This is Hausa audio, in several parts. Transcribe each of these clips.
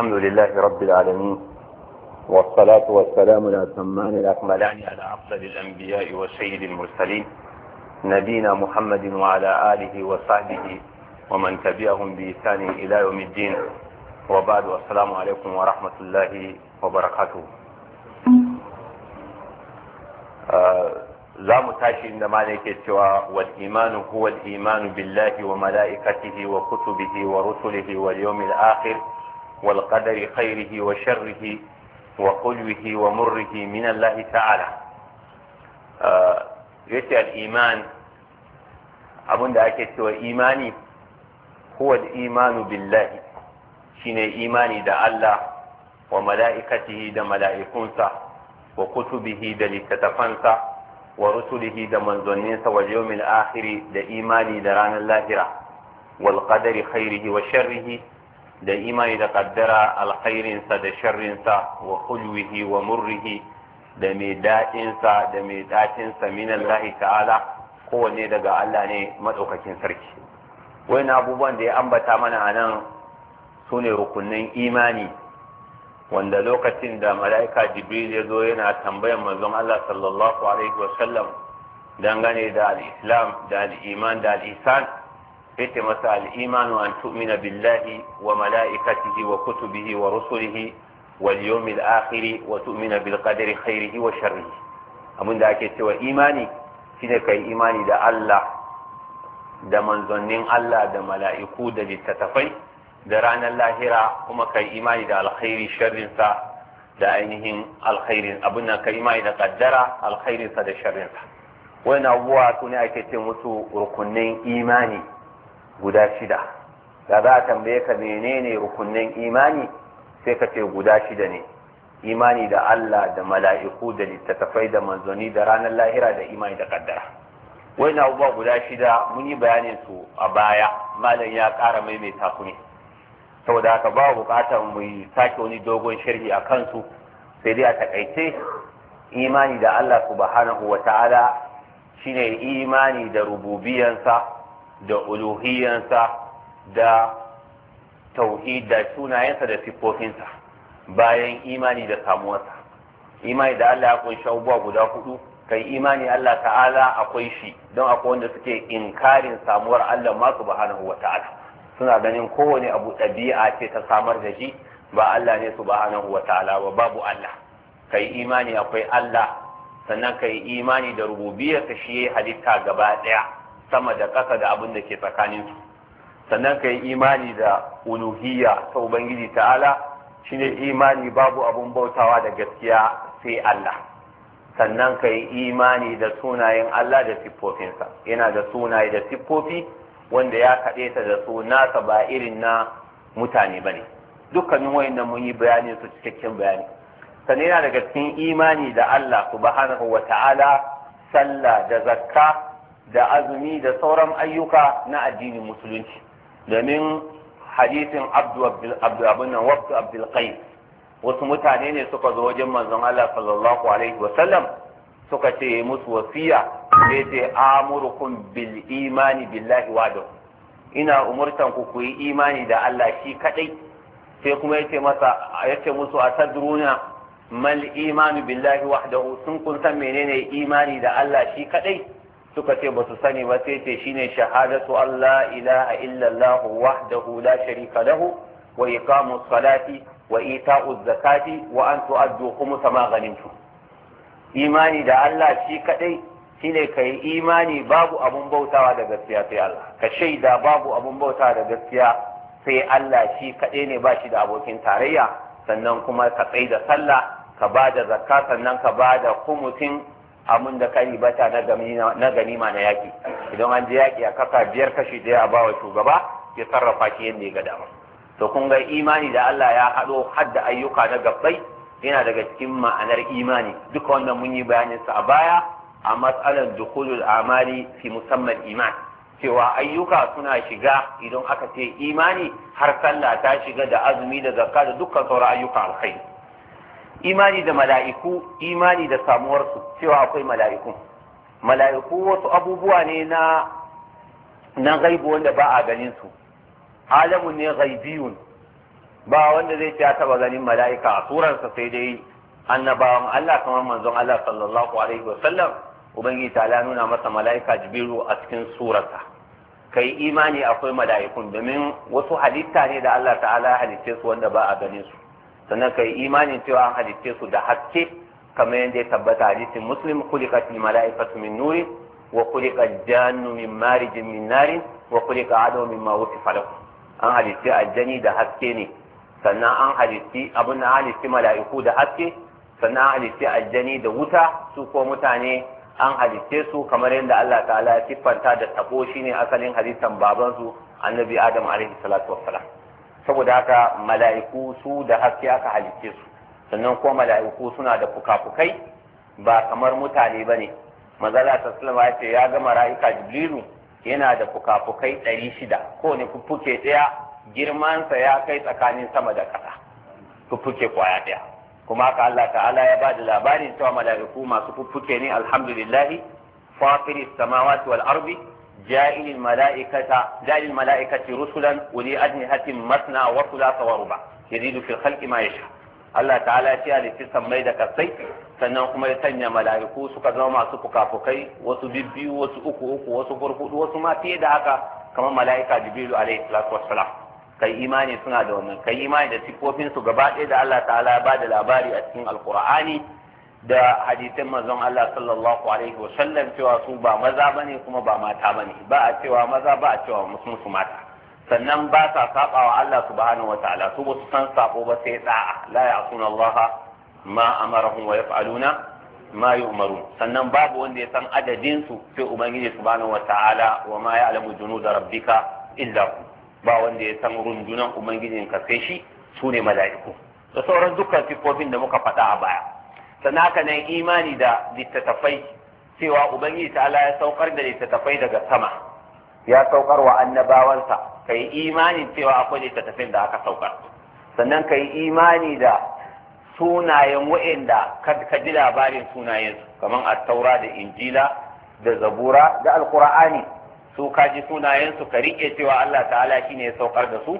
الحمد لله رب العالمين والصلاة والسلام على الأتمان الأكملان على أفضل الأنبياء وسيد المرسلين نبينا محمد وعلى آله وصحبه ومن تبعهم بإحسان إلى يوم الدين وبعد السلام عليكم ورحمة الله وبركاته za mu tashi inda malai ke والإيمان هو الإيمان بالله وملائكته وكتبه ورسله واليوم الآخر wa والقدر خيره وشره وقلوه ومره من الله تعالى آه يتي الإيمان أبن دعك سوى إيماني هو الإيمان بالله شين إيماني دا الله وملائكته دا ملائكونسا وكتبه دا لتتفنسا ورسله دا منزنينسا واليوم الآخر دا إيماني دا ران اللاهرة والقدر خيره وشره da imani da kaddara alkhairinsa da sharrinsa wa hulwihi wa murrihi da mai daɗinsa da mai ɗacinsa min Allah ta'ala kowanne daga Allah ne madaukakin sarki wai na abubuwan da ya ambata mana a nan su ne rukunin imani wanda lokacin da mala'ika jibril ya zo yana tambayan manzon Allah sallallahu alaihi sallam dangane da Al-Islam da iman da al al'isan sai ce masa al'imanu an billahi wa mala'ikatihi wa kutubi wa rusulihi wal yawmil akhir wa tu'mina bil qadari khairihi wa sharrihi abin da ake cewa imani shine kai imani da Allah da manzannin Allah da mala'iku da littattafai da ranar lahira kuma kai imani da alkhairi sharrinsa da ainihin alkhairin abin nan kai imani da kaddara alkhairinsa da sharrinsa wani abubuwa su ne ake ce musu rukunin imani guda shida da za a tambaye ka menene rukunnan imani sai ka ce guda shida ne imani da Allah da mala'iku da littattafai da manzoni da ranar lahira da imani da kaddara wai na abubuwa guda shida mun yi bayanin su a baya malam ya kara maimaita su ne saboda haka ba bukatar mu yi sake wani dogon sharhi a kansu sai dai a takaice imani da Allah subhanahu wa ta'ala shine imani da rububiyansa da uluhiyansa da tauhid da sunayensa da siffofinsa bayan imani da samuwarsa imani da Allah ya kunshi abubuwa guda hudu kai imani Allah ta'ala akwai shi don akwai wanda suke inkarin samuwar Allah ma subhanahu wa ta'ala suna ganin kowane abu ɗabi'a ce ta samar da shi ba Allah ne subhanahu wa ta'ala ba babu Allah kai imani akwai Allah sannan kai imani da ka shi halitta gaba ɗaya sama da ƙasa da abin da ke tsakanin su sannan ka yi imani da uluhiyya ta ubangiji ta'ala shine imani babu abun bautawa da gaskiya sai Allah sannan ka yi imani da sunayen Allah da siffofinsa yana da sunaye da siffofi wanda ya kaɗe ta da su nasa ba irin na mutane ba ne dukkanin nan mun yi bayanin su cikakken bayani sannan yana daga cikin imani da Allah subhanahu wa ta'ala sallah da zakka da azumi da sauran ayyuka na addinin musulunci domin hadisin abdu abin wabtu abdul wasu mutane ne suka zo wajen manzon Allah sallallahu alaihi wasallam suka ce musu wasiya ne ce amurukum bil imani billahi wahdahu ina umurtan ku yi imani da Allah shi kadai sai kuma yace masa yace musu asadruna mal imanu billahi wahdahu sun kun san menene imani da Allah shi kadai suka ce ba su sani ba sai ce shine shahadatu Allah ilaha illallah wahdahu la sharika lahu wa iqamu salati wa ita'u zakati wa an tu'addu khumus ma ghanimtum imani da Allah shi kadai shine kai imani babu abun bautawa da gaskiya sai Allah ka shaida babu abun bautawa da gaskiya sai Allah shi kadai ne ba shi da abokin tarayya sannan kuma ka tsaida sallah ka ba da zakka sannan ka ba da kumutin Amun da kari bata na ganima na yaƙi idan an je yaƙi a kasa biyar kashi ɗaya a bawa shugaba ya sarrafa shi yadda ya ga dama to kun ga imani da Allah ya haɗo hadda ayyuka na gabbai yana daga cikin ma'anar imani duka wannan mun yi bayanin sa a baya a matsalar dukulul amali fi musamman iman cewa ayyuka suna shiga idan aka ce imani har sallah ta shiga da azumi da zakka da dukkan sauran ayyuka alkhairi imani da mala'iku imani da samuwarsu cewa akwai mala'iku mala'iku wasu abubuwa ne na na gaibu wanda ba a ganin su alamun ne gaibiyun ba wanda zai ce taba ganin mala'ika a surarsa sai dai annabawan Allah kamar manzon Allah sallallahu alaihi wa sallam ubangiji ta nuna masa mala'ika jibiru a cikin surarsa kai imani akwai mala'ikun domin wasu halitta ne da Allah ta'ala halitte su wanda ba a ganin su sannan kai imanin cewa an halitte su da haske kamar yadda ya tabbata hadisin muslim khuliqat al mala'ikatu min nuri, wa khuliqa jannu min marijin min narin wa khuliqa adamu mimma wusifa lahu an halitti aljani da haske ne sannan an halitti abun na halitti mala'iku da haske sannan an halitti aljani da wuta su ko mutane an halitte su kamar yadda Allah ta'ala ya siffanta da tabo shine asalin halittan babansu annabi Adam alaihi salatu wassalam saboda haka mala'iku su da haske aka halicce su sannan ko mala'iku suna da fukafukai ba kamar mutane ba ne mazala ta sulama ya ce ya ga mara'ika jibrilu yana da fukafukai ɗari shida kowane fuffuke ɗaya girmansa ya kai tsakanin sama da ƙasa fuffuke kwaya ɗaya kuma haka Allah ta'ala ya ba da labarin cewa mala'iku masu fuffuke ne alhamdulillahi fatiri samawati wal ardi ja'ilil mala'ikata ja'ilil mala'ikati rusulan uli ajnihatin masna wa thulatha wa ruba yazidu fil khalqi ma yasha Allah ta'ala ya halitta sammai da kasai sannan kuma ya sanya mala'iku suka zama masu fukafukai wasu bibbiyu wasu uku uku wasu gurgudu wasu ma fiye da haka kamar mala'ika jibrilu alaihi salatu wassalam kai imani suna da wannan kai imani da sifofin su gaba ɗaya da Allah ta'ala ya bada labari a cikin alqur'ani da hadisin manzon Allah sallallahu alaihi wasallam cewa su ba maza bane kuma ba mata bane ba a cewa maza ba a cewa musu mata sannan ba sa sabawa Allah subhanahu wataala su ba su san sabo ba sai da'a la ya'suna Allah ma amarahum wa yaf'aluna ma yu'marun sannan babu wanda ya san adadin su sai ubangiji subhanahu wataala wa ma ya'lamu junuda rabbika illa hu ba wanda ya san rundunan ubangijin ka sai shi sune mala'iku da sauran dukkan sifofin da muka faɗa a baya sanaka nan imani da littattafai cewa ubangiji ta'ala ya saukar da littattafai daga sama ya saukar wa annabawansa kai imanin cewa akwai littattafin da aka saukar sannan kai imani da sunayen wa'inda ka ji labarin sunayen su kamar taura da injila da zabura da alkur'ani su ka ji sunayen su ka riƙe cewa Allah ta'ala shine ya saukar da su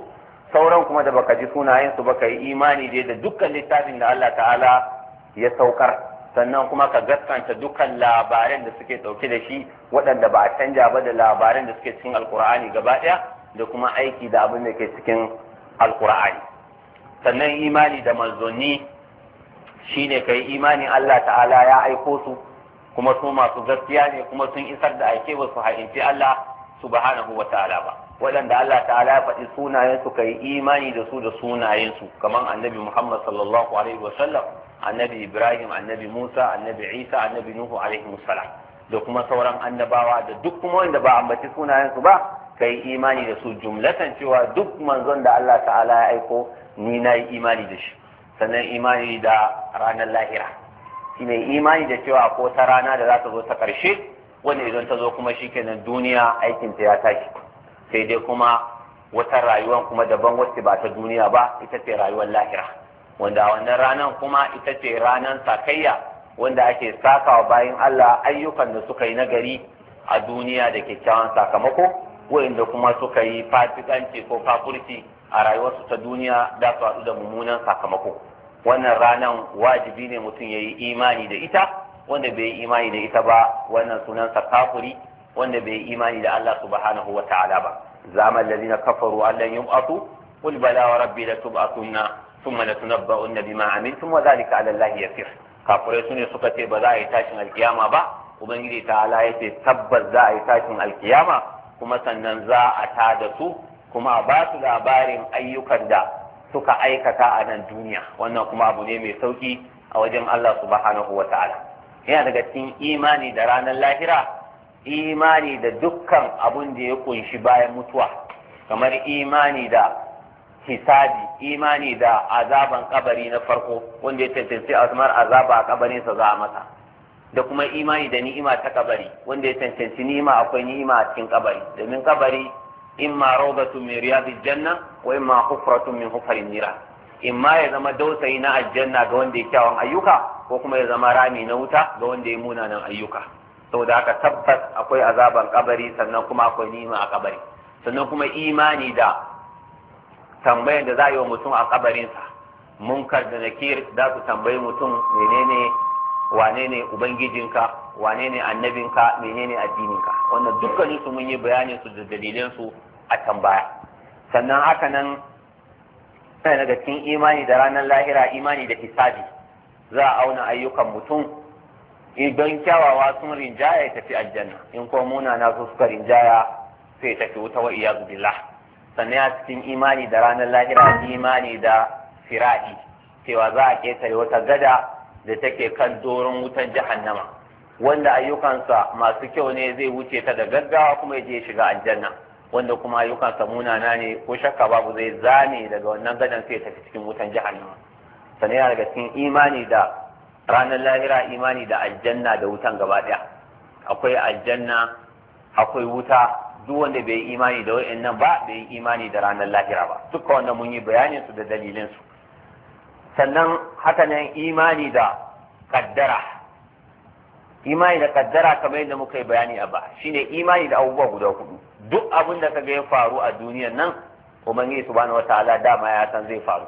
sauran kuma da baka ji sunayen su baka yi imani dai da dukkan littafin da Allah ta'ala ya saukar sannan kuma ka gaskanta dukkan labaran da suke dauke da shi waɗanda ba a canja ba da labaran da suke cikin alkur'ani gaba ɗaya da kuma aiki da abin da ke cikin alkur'ani sannan imani da manzanni shine kai imanin Allah ta'ala ya aiko su kuma su masu gaskiya ne kuma sun isar da aike ba su haƙinci Allah subhanahu wa ta'ala ba waɗanda Allah ta'ala ya faɗi sunayen su kai imani da su da sunayensu su kamar annabi Muhammad sallallahu alaihi wa sallam annabi ibrahim annabi musa annabi isa annabi nuhu alaihi da kuma sauran annabawa da duk kuma wanda ba ambaci su ba kai imani da su jumlatan cewa duk manzon da Allah ta'ala ya aiko ni na yi imani da shi sannan imani da ranar lahira shine imani da cewa ko ta rana da za ta zo ta karshe wanda idan ta zo kuma shikenan duniya aikin ta ya tashi sai dai kuma wata rayuwan kuma daban wacce ba ta duniya ba ita ce rayuwar lahira wanda wannan ranar kuma ita ce ranar sakayya wanda ake sakawa bayan Allah ayyukan da suka yi nagari a duniya da kyakkyawan sakamako wa'inda kuma suka yi fasikanci ko fakurci a rayuwarsu ta duniya da su haɗu da mummunan sakamako wannan ranar wajibi ne mutum ya yi imani da ita wanda bai yi imani da ita ba wannan sunansa kafuri wanda bai yi imani da Allah subhanahu wa ta'ala ba zaman ladina kafaru allah yub'atu qul bala da rabbi la tub'atunna ثم لتنبؤن بما عملتم وذلك على الله يسير kafirai su ne suka ce ba za a yi tashin alkiyama ba ubangiji ta ala ya ce tabbas za a yi tashin alkiyama kuma sannan za a ta da su kuma a ba su labarin ayyukan da suka aikata a nan duniya wannan kuma abu ne mai sauƙi a wajen Allah subhanahu wa ta'ala yana daga cikin imani da ranar lahira imani da dukkan abun da ya kunshi bayan mutuwa kamar imani da hisabi imani da azaban kabari na farko wanda ya cancanci azmar azaba a kabarinsa za a masa da kuma imani da ni'ima ta kabari wanda ya cancanci ni'ima akwai ni'ima a cikin kabari domin kabari ma rawdatu min riyadil janna wa imma hufratu min hufarin nira ma ya zama dausayi na aljanna ga wanda ya kyawun ayyuka ko kuma ya zama rami na wuta ga wanda ya munanan ayyuka saboda haka tabbas akwai azaban kabari sannan kuma akwai ni'ima a kabari sannan kuma imani da tambayan da za a yi wa mutum a kabarinsa munkar da nakir za su tambayi mutum menene wane ne ubangijinka wane ne annabinka menene addininka wannan dukkanin su mun yi bayanin su da dalilan su a tambaya sannan haka nan sai daga cikin imani da ranar lahira imani da hisabi za a auna ayyukan mutum idan kyawawa sun rinjaya ya tafi aljanna in kuma munana su suka rinjaya sai tafi wuta wa iyazu billah sannan ya cikin imani da ranar lahira imani da fira'i cewa za a ketare wata gada da take kan doron wutan jahannama wanda ayyukansa masu kyau ne zai wuce ta da gaggawa kuma ya je shiga aljanna wanda kuma ayyukansa munana ne ko shakka babu zai zane daga wannan gadan sai tafi cikin wutan jahannama sannan yana daga cikin imani da ranar lahira imani da aljanna da wutan gaba daya akwai aljanna akwai wuta duk wanda bai yi imani da nan ba bai yi imani da ranar lahira ba duka wanda mun yi bayanin su da dalilin su sannan haka nan imani da kaddara imani da kaddara kamar yadda muka yi bayani a ba shine imani da abubuwa guda hudu duk abin da kaga ya faru a duniyan nan ubangiji wata ala dama ya san zai faru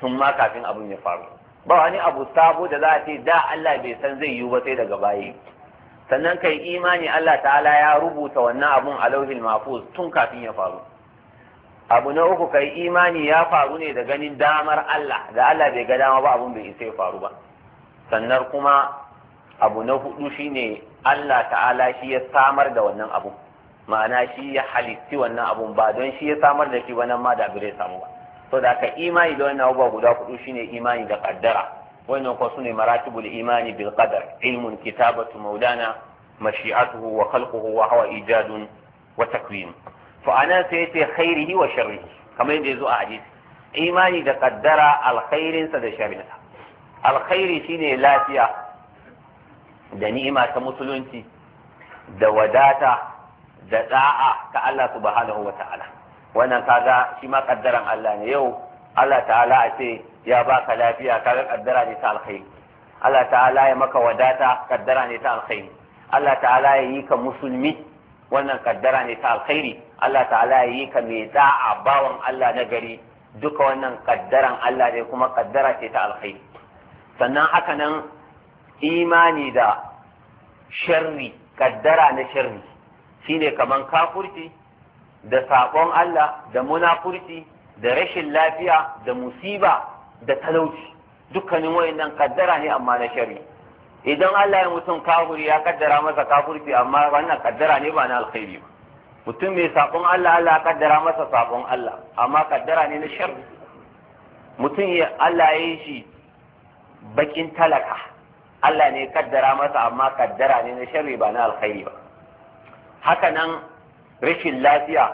tun ma kafin abin ya faru ba wani abu sabo da za a ce da Allah bai san zai yiwu ba sai daga baya sannan kai imani Allah ta'ala ya rubuta wannan abun a lauhin mafuz tun kafin ya faru abu na uku kai imani ya faru ne da ganin damar Allah da Allah bai ga dama ba abun bai isa ya faru ba sannan kuma abu na hudu shine Allah ta'ala shi ya samar da wannan abun ma'ana shi ya halitti wannan abun ba don shi ya samar da shi wannan ma da bai samu ba so da ka imani da wannan abubuwa guda hudu shine imani da kaddara wannan kuwa sune maratibul imani bil qadar ilmun kitabatu maulana mashi'atuhu wa khalquhu wa huwa ijadun wa takwin fa ana sai yace khairihi wa sharrihi kamar yadda yazo a hadisi imani da qaddara alkhairinsa da sharrinsa alkhairi shine lafiya da ni'ima ta musulunci da wadata da da'a ta Allah subhanahu wa ta'ala wannan kaga shima ma kaddaran Allah ne yau Allah ta'ala a ce ya baka lafiya kaga kaddara ne ta alkhairi Allah ta'ala ya maka wadata kaddara ne ta alkhairi Allah ta'ala ya yi ka musulmi wannan kaddara ne ta alkhairi Allah ta'ala ya yi ka mai da'a bawan Allah na gari duka wannan kaddaran Allah ne kuma kaddara ce ta alkhairi sannan haka nan imani da sharri kaddara na sharri shine kaman kafurci da saƙon Allah da munafurci da rashin lafiya da musiba da talauci dukkanin nan kaddara ne amma na shari idan Allah ya mutum kafuri ya kaddara masa kafurci amma wannan kaddara ne ba na alkhairi ba mutum mai sakon Allah Allah ya kaddara masa sakon Allah amma kaddara ne na shari mutum ya Allah ya yi shi bakin talaka Allah ne kaddara masa amma kaddara ne na shari ba na alkhairi ba haka nan rashin lafiya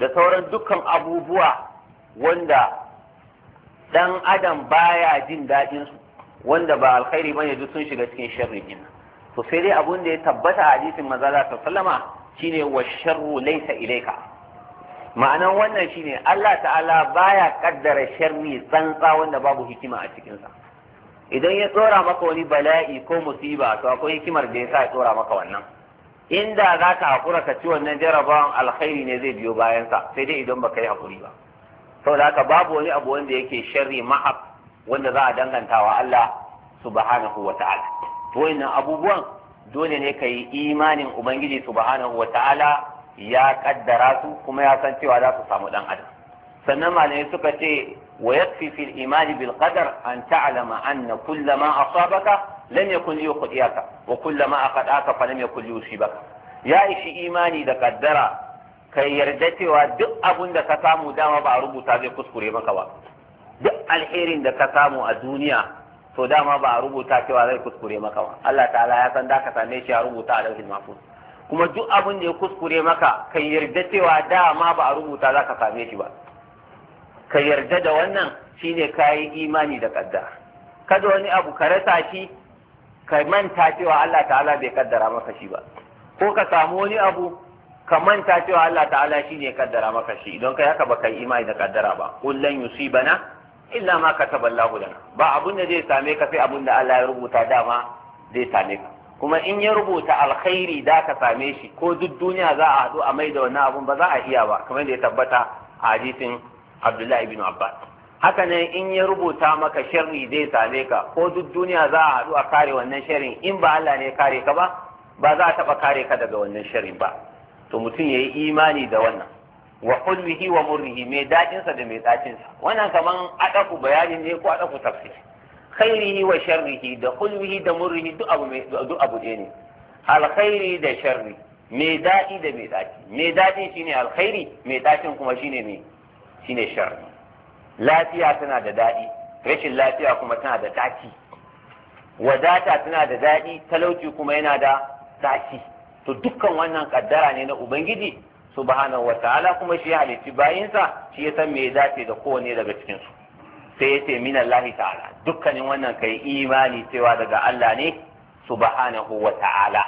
da sauran dukkan abubuwa wanda dan adam baya jin daɗin su wanda ba alkhairi bane duk sun shiga cikin sharri din to sai dai abun da ya tabbata a hadisin manzo Allah sallama shine wa sharru laysa ilayka ma'anan wannan shine Allah ta'ala baya kaddara sharri tsantsa wanda babu hikima a cikin sa idan ya tsora maka wani bala'i ko musiba to akwai hikimar da ya sa ya tsora maka wannan inda za ka haƙura ka ci wannan jarabawan alkhairi ne zai biyo bayansa sai dai idan baka yi hakuri ba saboda haka babu wani abu wanda yake sharri ma'ab. wanda za a dangantawa Allah subhanahu wa ta'ala abubuwan dole ne ka yi imanin ubangiji subhanahu wa ta'ala ya kaddara su kuma ya san cewa za su samu dan adam sannan malamai suka ce wa yakfi fil imani bil qadar an ta'lama anna kullama asabaka lam yakun yuqdiyaka wa kullama aqadaka falam yakun yusibaka ya ishi imani da kaddara ka yarda cewa duk abin da ka samu dama ba a rubuta zai kuskure maka ba duk alherin da ka samu a duniya to dama ba a rubuta cewa zai kuskure maka ba Allah ta'ala ya san da ka same shi a rubuta a lauhin mahfuz kuma duk abin da ya kuskure maka ka yarda cewa dama ba a rubuta za ka same shi ba ka yarda da wannan shine kayi imani da kadda. kada wani abu ka rasa shi ka manta cewa Allah ta'ala bai kaddara maka shi ba ko ka samu wani abu ka manta cewa Allah ta'ala shi ne kaddara maka shi idan kai haka baka yi imani da kaddara ba qul lan yusibana illa ma kataba Allahu lana ba abun da zai same ka sai abun da Allah ya rubuta dama zai same ka kuma in ya rubuta alkhairi da ka same shi ko duk duniya za a haɗu a maida wannan abun ba za a iya ba kamar da ya tabbata a hadisin Abdullahi ibn Abbas haka ne in ya rubuta maka sharri zai same ka ko duk duniya za a haɗu a kare wannan sharrin in ba Allah ne ya kare ka ba ba za a taɓa kare ka daga wannan sharrin ba to mutum ya yi imani da wannan wa hulmihi wa murrihi mai daɗinsa da mai ɗacinsa wannan kaman adaku bayani ne ko adaku tafsir khairihi wa sharrihi da hulmihi da murrihi duk abu mai duk abu ɗaya ne alkhairi da sharri mai daɗi da mai daɗi mai daɗin shine alkhairi mai daɗin kuma shine mai shine sharri lafiya tana da daɗi rashin lafiya kuma tana da daɗi wadata tana da daɗi talauci kuma yana da daɗi to dukkan wannan kaddara ne na ubangiji subhanahu ta'ala kuma shi ya halitti bayinsa shi ya san me ya dace da kowane daga cikin su sai yace min Allah ta'ala dukkanin wannan kai imani cewa daga Allah ne subhanahu ta'ala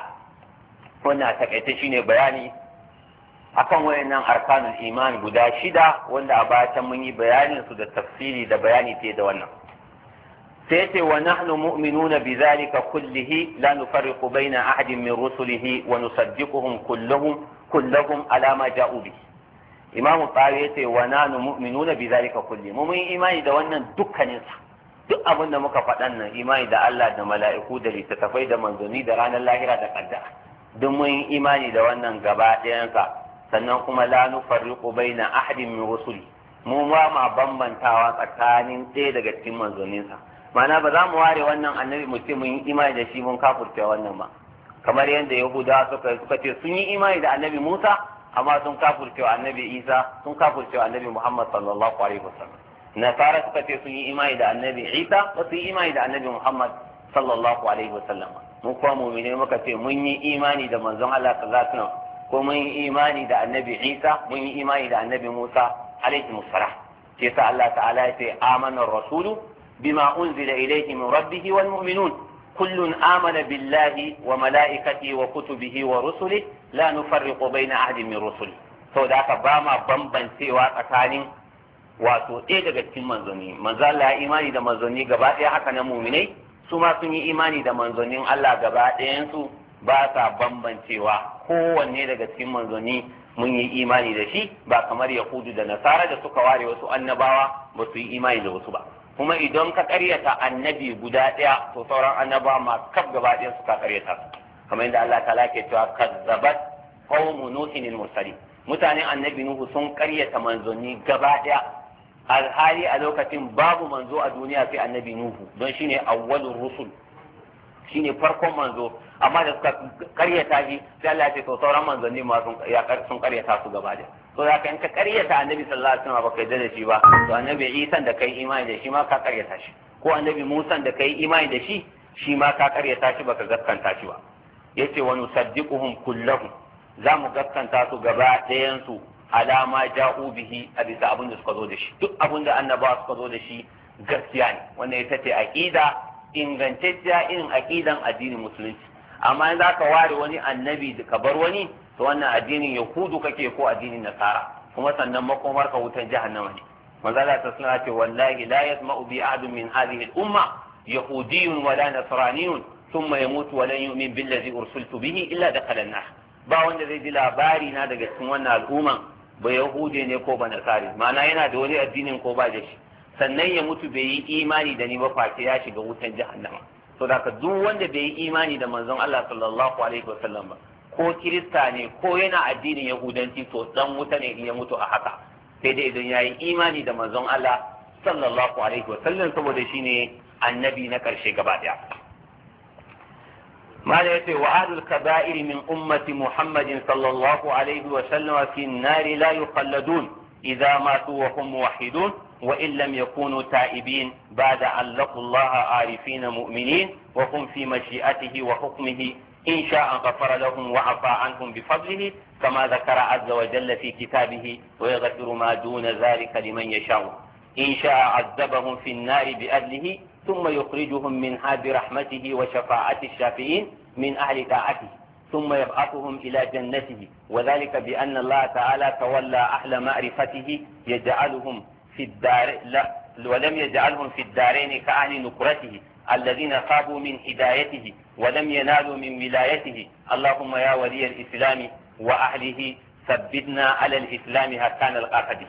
wannan takaita shine bayani akan wayannan arkanul iman guda shida wanda a bayan mun yi bayanin su da tafsiri da bayani fiye da wannan sai ce wa nahnu mu'minuna bi zalika kullihi la nufarriqu baina ahadin min rusulihi wa nusaddiquhum kulluhum kulluhum ala ma ja'u bi imam tsari yace wa nahnu mu'minuna bi zalika kulli mu mun imani da wannan dukkanin sa duk abin da muka faɗan nan imani da Allah da mala'iku da littattafai da manzoni da ranar lahira da kaddara duk mun imani da wannan gaba ɗayan sa sannan kuma la nufarriqu baina ahadin min rusuli mu ma ma bambantawa tsakanin ɗaya daga cikin manzoninsa ma'ana ba za mu ware wannan annabi mutum mun yi imani da shi mun kafurta wannan ba kamar yadda Yahudawa suka suka ce sun yi imani da annabi musa amma sun kafurta annabi isa sun kafurta annabi muhammad sallallahu alaihi wasallam nasara suka ce sun yi imani da annabi isa ba su yi imani da annabi muhammad sallallahu alaihi wasallam mu kuma mu'mine muka ce mun yi imani da manzon Allah sallallahu alaihi wasallam ko mun yi imani da annabi isa mun yi imani da annabi musa alaihi musara ke sa Allah ta'ala ya ce amanar rasulu بما أنزل إليه من ربه والمؤمنون كل آمن بالله وملائكته وكتبه ورسله لا نفرق بين أحد من رسله haka باما بمبن سوى tsakanin wato ɗaya daga cikin manzanni manzo Allah ya imani da manzanni gaba ɗaya haka na muminai su ma sun yi imani da manzannin Allah gaba ɗayansu ba sa bambancewa kowanne daga cikin manzanni mun yi imani da shi ba kamar yahudu da nasara da suka ware wasu annabawa ba su yi imani da wasu ba kuma idan ka karyata annabi guda ɗaya to sauran annaba ma kaf gaba ɗaya suka karyata kamar yadda Allah ta lake cewa kazzabat qaumu nuhin al-mursalin mutanen annabi nuhu sun karyata manzoni gaba ɗaya alhali a lokacin babu manzo a duniya sai annabi nuhu don shine awwalur rusul shine farkon manzo amma da suka karyata shi sai Allah ya ce to sauran manzoni ma sun karyata su gaba ɗaya to za ka in ka karyata annabi sallallahu alaihi wasallam ba kai da shi ba to annabi Isa da kai imani da shi ma ka karyata shi ko annabi Musa da kai imani da shi shi ma ka karyata shi baka gaskanta shi ba yace wa nusaddiquhum kullahum za mu gaskanta su gaba ɗayan su alama ja'u bihi a bisa abin da suka zo da shi duk abin da annabawa suka zo da shi gaskiya ne wannan ita ce aqida ingantacciya irin aqidan addinin musulunci amma in zaka ware wani annabi ka bar wani to wannan addinin yahudu kake ko addinin nasara kuma sannan makomar ka wutan jahannama ne manzo Allah ta suna ce wallahi la yasma'u bi ahadin min hadhihi al-umma yahudiyyun wala nasraniyyun thumma yamutu wa lan yu'min billazi ursiltu bihi illa dakhala an-nar ba wanda zai ji labari na daga cikin wannan al'umma ba yahude ne ko ba nasari ma'ana yana da wani addinin ko ba da shi sannan ya mutu bai yi imani da ni ba face ya shiga wutan jahannama to da duk wanda bai yi imani da manzon Allah sallallahu alaihi wasallam ba ko kirista ne ko yana addinin ya gudanci to dan wuta ne in ya mutu a haka sai dai idan yayi imani da manzon Allah sallallahu alaihi wa sallam saboda shine annabi na karshe gaba daya mala yace wa ahlul kaba'ir min ummati muhammadin sallallahu alaihi wa sallam fi an-nar la yukhalladun idza matu wa hum muwahhidun وإن لم يكونوا تائبين بعد أن لقوا الله عارفين مؤمنين وهم في wa وحكمه إن شاء غفر لهم وعفى عنهم بفضله كما ذكر عز وجل في كتابه ويغفر ما دون ذلك لمن يشاء إن شاء عذبهم في النار بأهله ثم يخرجهم منها برحمته وشفاعة الشافعين من أهل طاعته ثم يبعثهم إلى جنته وذلك بأن الله تعالى تولى أهل معرفته يجعلهم في الدار لا ولم يجعلهم في الدارين كأهل نكرته الذين خابوا من هدايته ولم ينالوا من ولايته اللهم يا ولي الإسلام وأهله ثبتنا على الإسلام حتى نلقاك به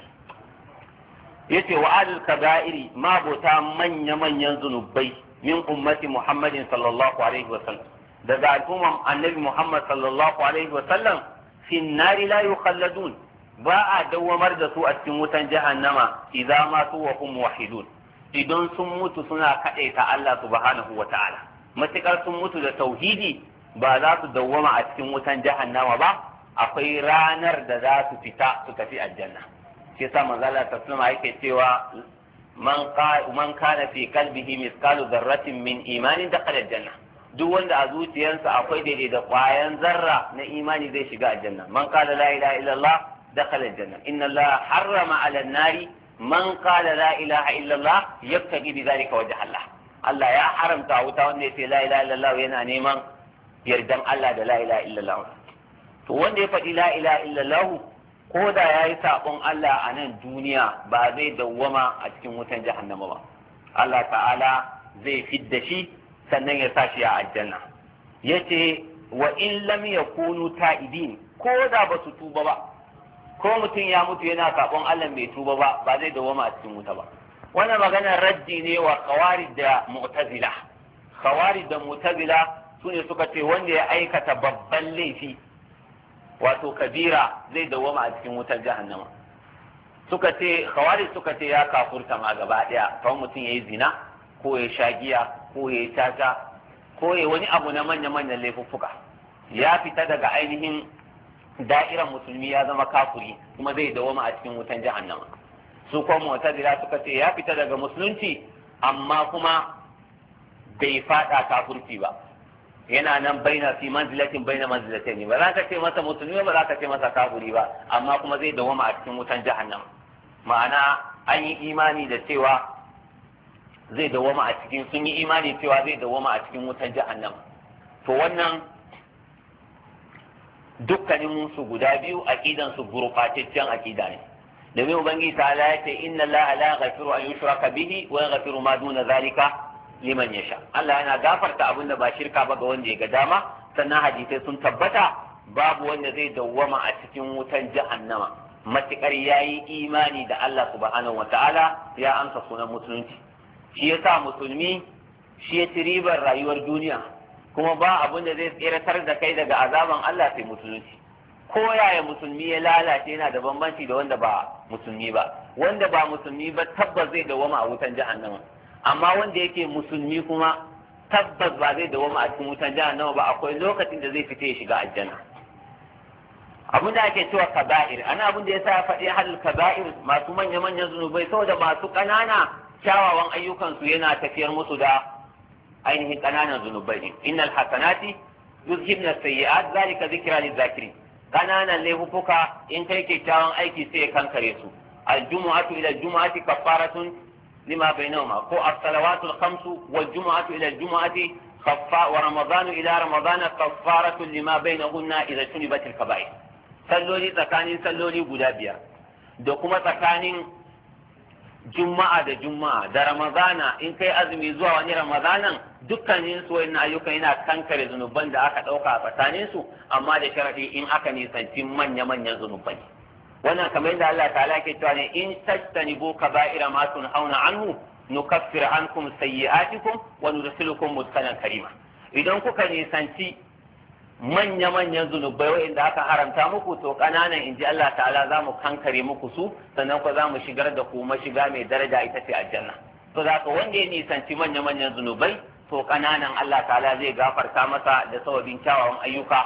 yace wa alil kaba'iri mabota manya manyan zunubai min ummati muhammadin sallallahu alaihi wa sallam daga al'umman annabi muhammad sallallahu alaihi wa sallam fi nari la yukhalladun ba a dawamar da su a cikin wutan jahannama idza ma su wa hum wahidun idan sun mutu suna kaɗaita Allah subhanahu wa ta'ala matuƙar sun mutu da tauhidi ba za su dawwama a cikin wutan jahannama ba akwai ranar da za su fita su tafi aljanna shi yasa manzo Allah sallama yake cewa man kana fi qalbihi mithqalu dharratin min imanin dakhala janna. duk wanda a zuciyarsa akwai daidai da ƙwayan zarra na imani zai shiga aljanna man qala la ilaha illallah dakhala janna, inna allaha harrama alannari. nari man qala la ilaha illallah yabtagi bi zalika wajh Allah Allah ya haramta wuta wanda yace la ilaha illallah yana neman yardan Allah da la ilaha illallah to wanda ya faɗi la ilaha illallah ko da yayi sabon Allah a nan duniya ba zai dawwama a cikin wutan jahannama ba Allah ta'ala zai fidda shi sannan ya sashi shi a aljanna yace wa in lam yakunu ta'idin ko da ba su tuba ba ko mutum ya mutu yana sabon Allah mai tuba ba ba zai dawoma a cikin wuta ba wannan maganar raddi ne wa kawari da mu'tazila kawari da mu'tazila sune suka ce wanda ya aikata babban laifi wato kabira zai dawoma a cikin wutar jahannama suka ce kawari suka ce ya kafurta ma gaba daya kawai mutum yayi zina ko ya sha giya ko ya yi tata ko ya wani abu na manya-manyan laifuffuka ya fita daga ainihin da'iran musulmi ya zama kafuri kuma zai dawoma a cikin wutan jahannama su kuma mu'tazila suka ce ya fita daga musulunci amma kuma bai fada kafurci ba yana nan baina fi manzilatin baina manzilatin ba za ka ce masa musulmi ba za ka ce masa kafuri ba amma kuma zai dawoma a cikin wutan jahannama ma'ana an yi imani da cewa zai dawoma a cikin sun yi imani cewa zai dawoma a cikin wutan jahannama to wannan dukkanin su guda biyu aƙidan su gurbataccen akida ne domin ubangiji ta ala ya ce inna la la ghafiru an yushraka bihi wa ma duna zalika liman yasha Allah yana gafarta abin da ba shirka ba ga wanda ya ga dama sannan hadisai sun tabbata babu wanda zai dawwama a cikin wutan jahannama matukar yayi imani da Allah subhanahu wataala ya amsa sunan musulunci shi yasa musulmi shi ya ribar rayuwar duniya kuma ba abin da zai tseratar da kai daga azaban Allah sai musulunci ko yaya musulmi ya lalace yana da bambanci da wanda ba musulmi ba wanda ba musulmi ba tabbas zai dawama a wutan jahannama amma wanda yake musulmi kuma tabbas ba zai dawama a cikin wutan jahannama ba akwai lokacin da zai fita ya shiga aljanna abin da ake cewa kaba'ir ana abin da ya sa faɗi har kaba'ir masu manya-manyan zunubai saboda masu ƙanana kyawawan ayyukansu yana tafiyar musu da ainihin ƙananan zunubai ne innal hasanati yuzhibna sayyi'at zalika zikra lizakirin ƙananan laifuka in kai kyakkyawan aiki sai ya kankare su aljumu'atu ila aljumu'ati kaffaratun lima bainahuma ko as-salawatu al-khamsu wal jumu'atu ila aljumu'ati kaffa wa ramadanu ila ramadana kaffaratun lima bainahunna idza tunibat al-kaba'ir salloli tsakanin salloli guda biyar da kuma tsakanin juma'a da juma'a da ramadana in kai azumi zuwa wani ramadanan dukkanin su wani ayyuka yana kankare zunuban da aka ɗauka a tsakanin su amma da sharaɗi in aka nisanci manya-manyan zunubai wannan kamar yadda Allah ta'ala ke cewa ne in tajtanibu kaba'ira ma auna anhu nukaffir ankum sayyi'atikum wa nudkhilukum mudkhalan karima idan kuka nisanci manya-manyan zunubai wa'inda aka haramta muku to ƙananan in ji Allah ta'ala za mu kankare muku su sannan ko za mu shigar da ku mashiga mai daraja ita ce aljanna to za ka wanda ya nisanci manya-manyan zunubai to kananan Allah ta'ala zai gafarta masa da sababin kyawawan ayyuka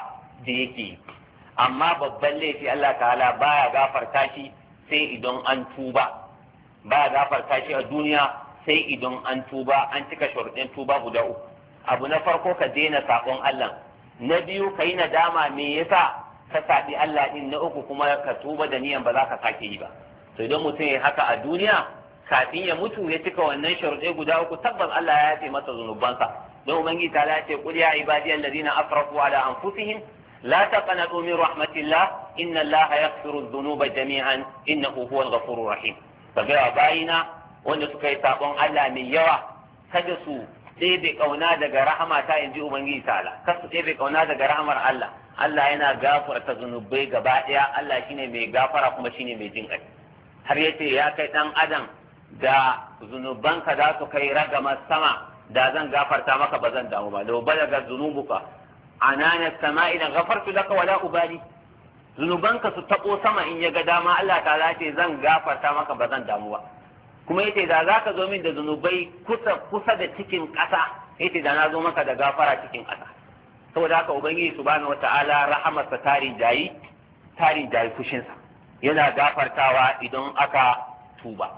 da yake amma babban laifi Allah ta'ala baya gafarta shi sai idan an tuba baya gafarta shi a duniya sai idan an tuba an cika shurɗin tuba guda uku abu na farko ka daina saƙon Allah na biyu ka yi nadama me yasa ka saɓi Allah ɗin na uku kuma ka tuba da niyan ba za ka sake yi ba to idan mutum ya haka a duniya kafin ya mutu ya cika wannan sharuɗe guda uku tabbas Allah ya yafe masa zunubansa don ubangiji ta lace qul ya ibadi allazina asrafu ala anfusihim la taqnatu min rahmatillah inna Allah yaghfiru dhunuba jami'an innahu huwal ghafurur rahim kaga bayina wanda suka yi sabon Allah mai yawa kada su ɗebe ƙauna daga rahama ta inji ubangiji ta'ala kar su ɗebe ƙauna daga rahamar Allah Allah yana gafarta zunubai gaba ɗaya Allah shine mai gafara kuma shine mai jin ƙai har yace ya kai ɗan adam da zunubanka za su kai ragamar sama da zan gafarta maka ba zan damu ba lau balaga zunubuka anana sama'i na gafartu laka wala ubali zunubanka su taɓo sama in ya ga dama Allah ta ce zan gafarta maka ba zan damu ba kuma yace da za ka zo min da zunubai kusa kusa da cikin ƙasa yace da na zo maka da gafara cikin ƙasa saboda haka ubangiji subhanahu wataala rahamarsa tarin jayi tarin jayi fushinsa yana gafartawa idan aka tuba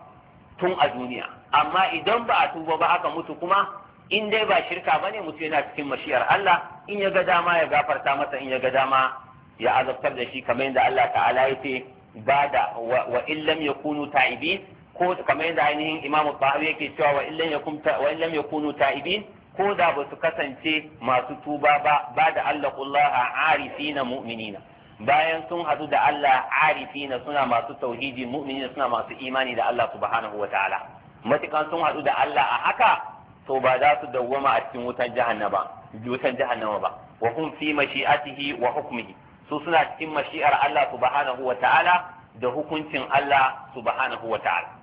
tun a duniya amma idan ba a tuba ba aka mutu kuma in dai ba shirka ba ne mutu yana cikin mashiyar Allah in ya ga dama ya gafarta masa in ya ga dama ya azabtar da shi kamar yadda Allah ta'ala ya ce ba da wa in lam yakunu ta'ibin ko kamar yadda ainihin imamu bahawi yake cewa wa illam yakun wa illam yakunu ta'ibin ko da ba su kasance masu tuba ba ba da Allah kullaha arifina mu'minina bayan sun hadu da Allah arifina suna masu tauhidi mu'minina suna masu imani da Allah subhanahu wataala matukan sun hadu da Allah a haka to ba za su dawwama a cikin wutan jahannama wutan jahannama ba wa hum fi mashi'atihi wa hukmihi su suna cikin mashi'ar Allah subhanahu wataala da hukuncin Allah subhanahu wataala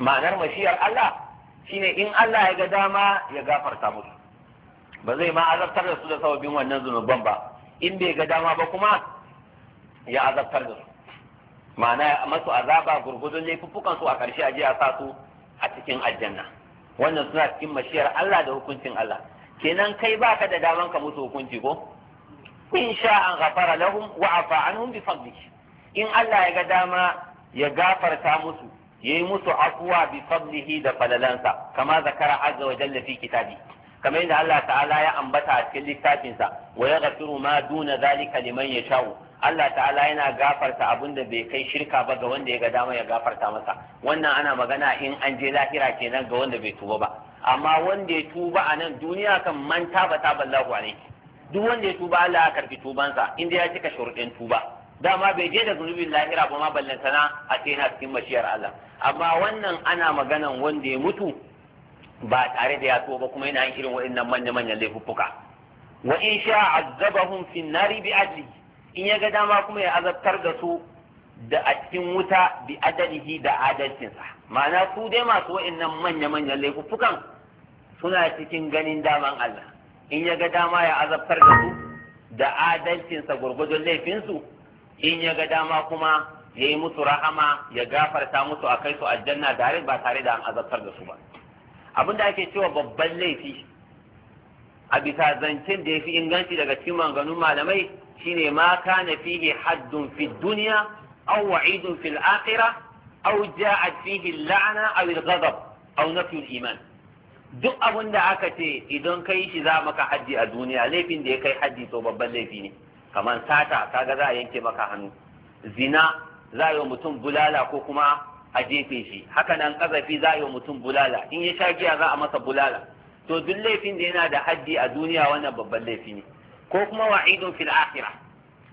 ma'anar mashiyar Allah shine in Allah ya ga dama ya gafarta musu ba zai ma azabtar da su da sababin wannan zunuban ba in bai ga dama ba kuma ya azabtar da su ma'ana masu azaba gurgudun laifuffukan su a ƙarshe aje a sa su a cikin aljanna wannan suna cikin mashiyar Allah da hukuncin Allah kenan kai baka da daman ka musu hukunci ko in sha an ghafara lahum wa afa anhum bi fadlihi in Allah ya ga dama ya gafarta musu yayi musu afuwa bi fadlihi da falalansa kama zakara azza wa jalla fi kitabi Kama yadda Allah ta'ala ya ambata a cikin littafinsa wa gafiru ma duna zalika liman shahu. Allah ta'ala yana gafarta abinda bai kai shirka ba ga wanda ya ga dama ya gafarta masa wannan ana magana in an je lahira kenan ga wanda bai tuba ba amma wanda ya tuba a nan duniya kan manta ba ta ballahu alaihi duk wanda ya tuba Allah ya karbi tubansa inda ya cika shuruɗin tuba dama bai je da zunubin lahira ba ma ballantana a ce yana cikin mashiyar Allah amma wannan ana maganan wanda ya mutu ba tare da ya so ba kuma yana yin irin waɗannan manya-manyan laifuffuka wa in sha azabahum fi nari bi ajli in ya ga dama kuma ya azabtar da su da a cikin wuta bi adalihi da adalcinsa ma'ana su dai masu waɗannan manya-manyan laifuffukan suna cikin ganin daman Allah in ya ga dama ya azabtar da su da adalcinsa gwargwadon laifinsu in ya ga dama kuma ya yi musu rahama ya gafarta musu a kai su aljanna tare ba tare da an azabtar da su ba abin da ake cewa babban laifi a bisa zancen da ya fi inganci daga cikin maganganun malamai shine ma na fihi haddun fi duniya aw wa'idun fil akhirah aw ja'at fihi lana aw al-ghadab aw iman duk abin da aka ce idan kai shi za maka haddi a duniya laifin da ya kai haddi to babban laifi ne kamar sata kaga za a yanke maka hannu zina za a yi wa mutum bulala ko kuma a jefe shi haka nan kazafi za a yi wa mutum bulala in ya sha giya za a masa bulala to duk laifin da yana da haddi a duniya wannan babban laifi ne ko kuma wa'idun fil akhirah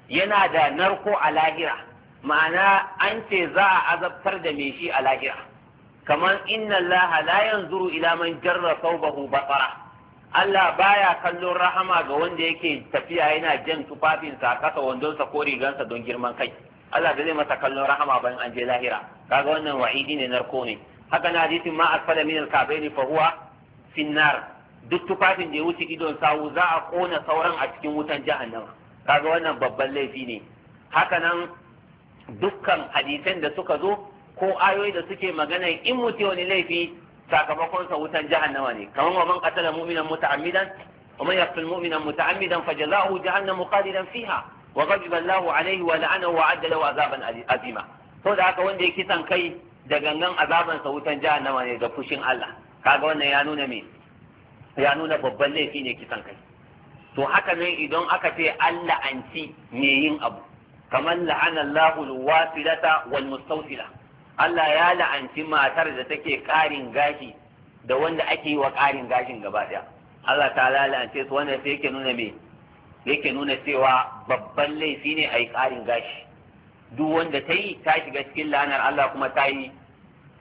yana da narko a lahira ma'ana an ce za a azabtar da me shi a lahira kamar inna allaha la yanzuru ila man jarra sawbahu basara Allah baya kallon rahama ga wanda yake tafiya yana jan tufafinsa kasa wandonsa ko rigansa don girman kai Allah da zai masa kallon rahama bayan an je lahira kaga wannan wa'idi ne narko ne haka na hadisin ma asfala min al-kabaini fa huwa finnar duk tufafin da ya wuce idon sawu za a kona sauran a cikin wutan jahannama kaga wannan babban laifi ne haka nan dukkan hadisan da suka zo ko ayoyi da suke magana in mutum wani laifi sakamakon sa wutan jahannama ne kamar wa man qatala mu'minan muta'ammidan wa man yaqtul mu'minan muta'ammidan fajaza'uhu jahannamu khalidan fiha wa ghadiba Allahu alayhi wa la'anahu wa adda lahu azaban azima to da haka wanda ya kisan kai da gangan azaban sa wutan jahannama ne da fushin Allah kaga wannan ya nuna me ya nuna babban laifi ne kisan kai to haka nan idan aka ce Allah anci me yin abu kamar la'ana Allahu al-wasilata wal mustawsila Allah ya la'anci matar da take ƙarin gashi da wanda ake yi wa ƙarin gashin gaba ɗaya Allah ta la'ance su wanda sai yake nuna me yake nuna cewa babban laifi ne a yi ƙarin gashi duk wanda ta yi ta shiga cikin la'anar Allah kuma ta yi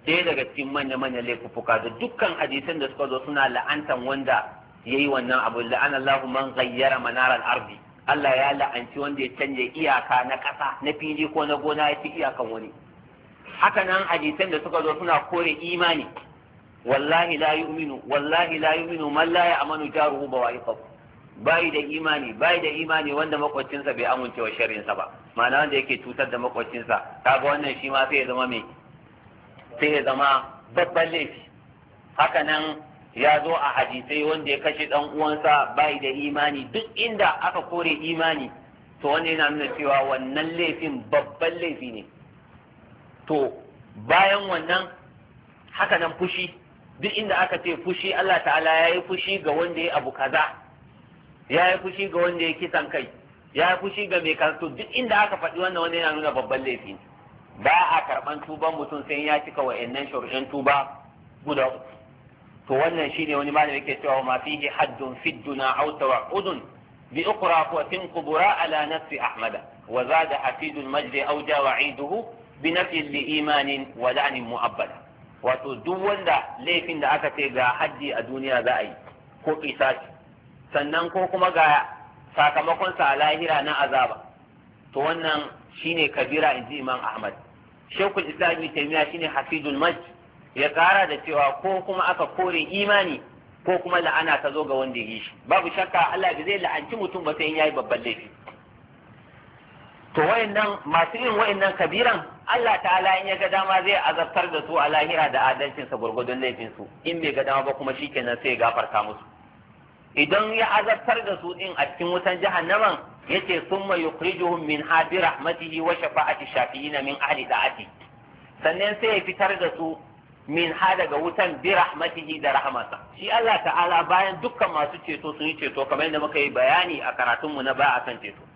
sai daga cikin manya-manyan laifuka da dukkan hadisan da suka zo suna la'antan wanda ya yi wannan abu la'an Allah man gayyara manaran arzi Allah ya la'anci wanda ya canje iyaka na ƙasa na fili ko na gona ya fi iyakan wani haka nan hadisan da suka zo suna kore imani wallahi la yu'minu wallahi la yu'minu man la ya'manu jaruhu bawa'iqahu bai da imani bai da imani wanda makwacinsa bai amince wa sa ba ma'ana wanda yake cutar da makwacinsa kaga wannan shi ma sai ya zama me sai ya zama babban laifi haka nan ya zo a hadisai wanda ya kashe dan uwansa bai da imani duk inda aka kore imani to wannan yana nuna cewa wannan laifin babban laifi ne to bayan wannan haka nan fushi duk inda aka ce fushi Allah ta'ala ya yi fushi ga wanda ya abu kaza ya yi fushi ga wanda ya kisan kai ya yi fushi ga mai kanto duk inda aka faɗi wannan wanda yana nuna babban laifi ba a karɓan tuban mutum sai ya cika wa'annan shur'in tuba guda uku to wannan shine wani malami yake cewa ma fihi haddun fidduna aw tawa'udun bi ukhra fa tinqubura ala nafsi ahmada wa zada hafidul majdi aw jawa'iduhu bi nafin li imanin wa la'anin muabbad wato duk wanda laifin da aka ce ga haddi a duniya za a yi ko kisasi sannan ko kuma ga sakamakon sa lahira na azaba to wannan shine kabira inji imam ahmad shekul islam ibn taymiya shine hafidul majd ya kara da cewa ko kuma aka kore imani ko kuma la'ana ta zo ga wanda ya yi shi babu shakka Allah ba zai la'anci mutum ba sai yayi babban laifi to wayannan masu yin wayannan kabiran Allah ta'ala in ya ga dama zai azabtar da su a lahira da adalcin sa gurgudun laifin su in bai ga dama ba kuma shikenan sai ya gafarta musu idan ya azabtar da su din a cikin wutan jahannaman yace summa yukhrijuhum min habi rahmatihi wa shafa'ati shafi'in min ahli da'ati sannan sai ya fitar da su min ha daga wutan bi rahmatihi da rahmasa shi Allah ta'ala bayan dukkan masu ceto sun yi ceto kamar yadda muka yi bayani a karatunmu na baya kan ceto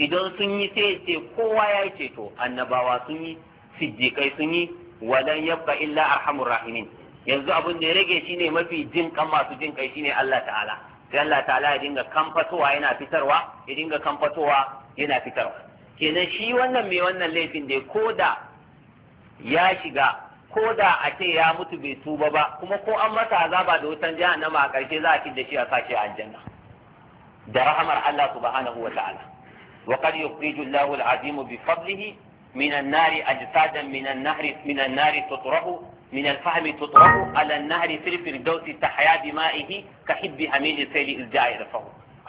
idan sun yi sai ce kowa ya ceto annabawa sun yi sijjikai sun yi walan yabba illa arhamur rahimin yanzu abin da ya rage shine mafi jin kan masu jin kai shine Allah ta'ala sai Allah ta'ala ya dinga kamfatowa yana fitarwa ya dinga kamfatowa yana fitarwa kenan shi wannan mai wannan laifin da ko da ya shiga ko da a ce ya mutu bai tuba ba kuma ko an masa azaba da wutan jahannama a karshe za a ci shi a sashi aljanna da rahamar Allah subhanahu wa ta'ala وقد يخرج الله العظيم بفضله من النار أجسادا من النهر من النار تطره من الفهم تطره على النهر في الفردوس تحيا بمائه كحب حميد السيل إذ جاء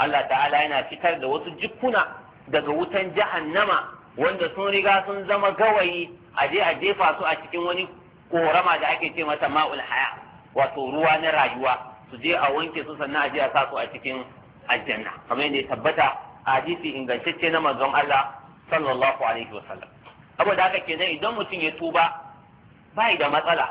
الله تعالى yana fitar da wasu jikkuna daga wutan jahannama wanda sun riga sun zama gawayi a je a a cikin wani ƙorama da ake ce mata ma'ul haya wato ruwa na rayuwa su je a wanke su sannan a a su a cikin aljanna kamar yadda ya tabbata hadisi ingantacce na manzon Allah sallallahu alaihi wa sallam saboda haka kenan idan mutum ya tuba bai da matsala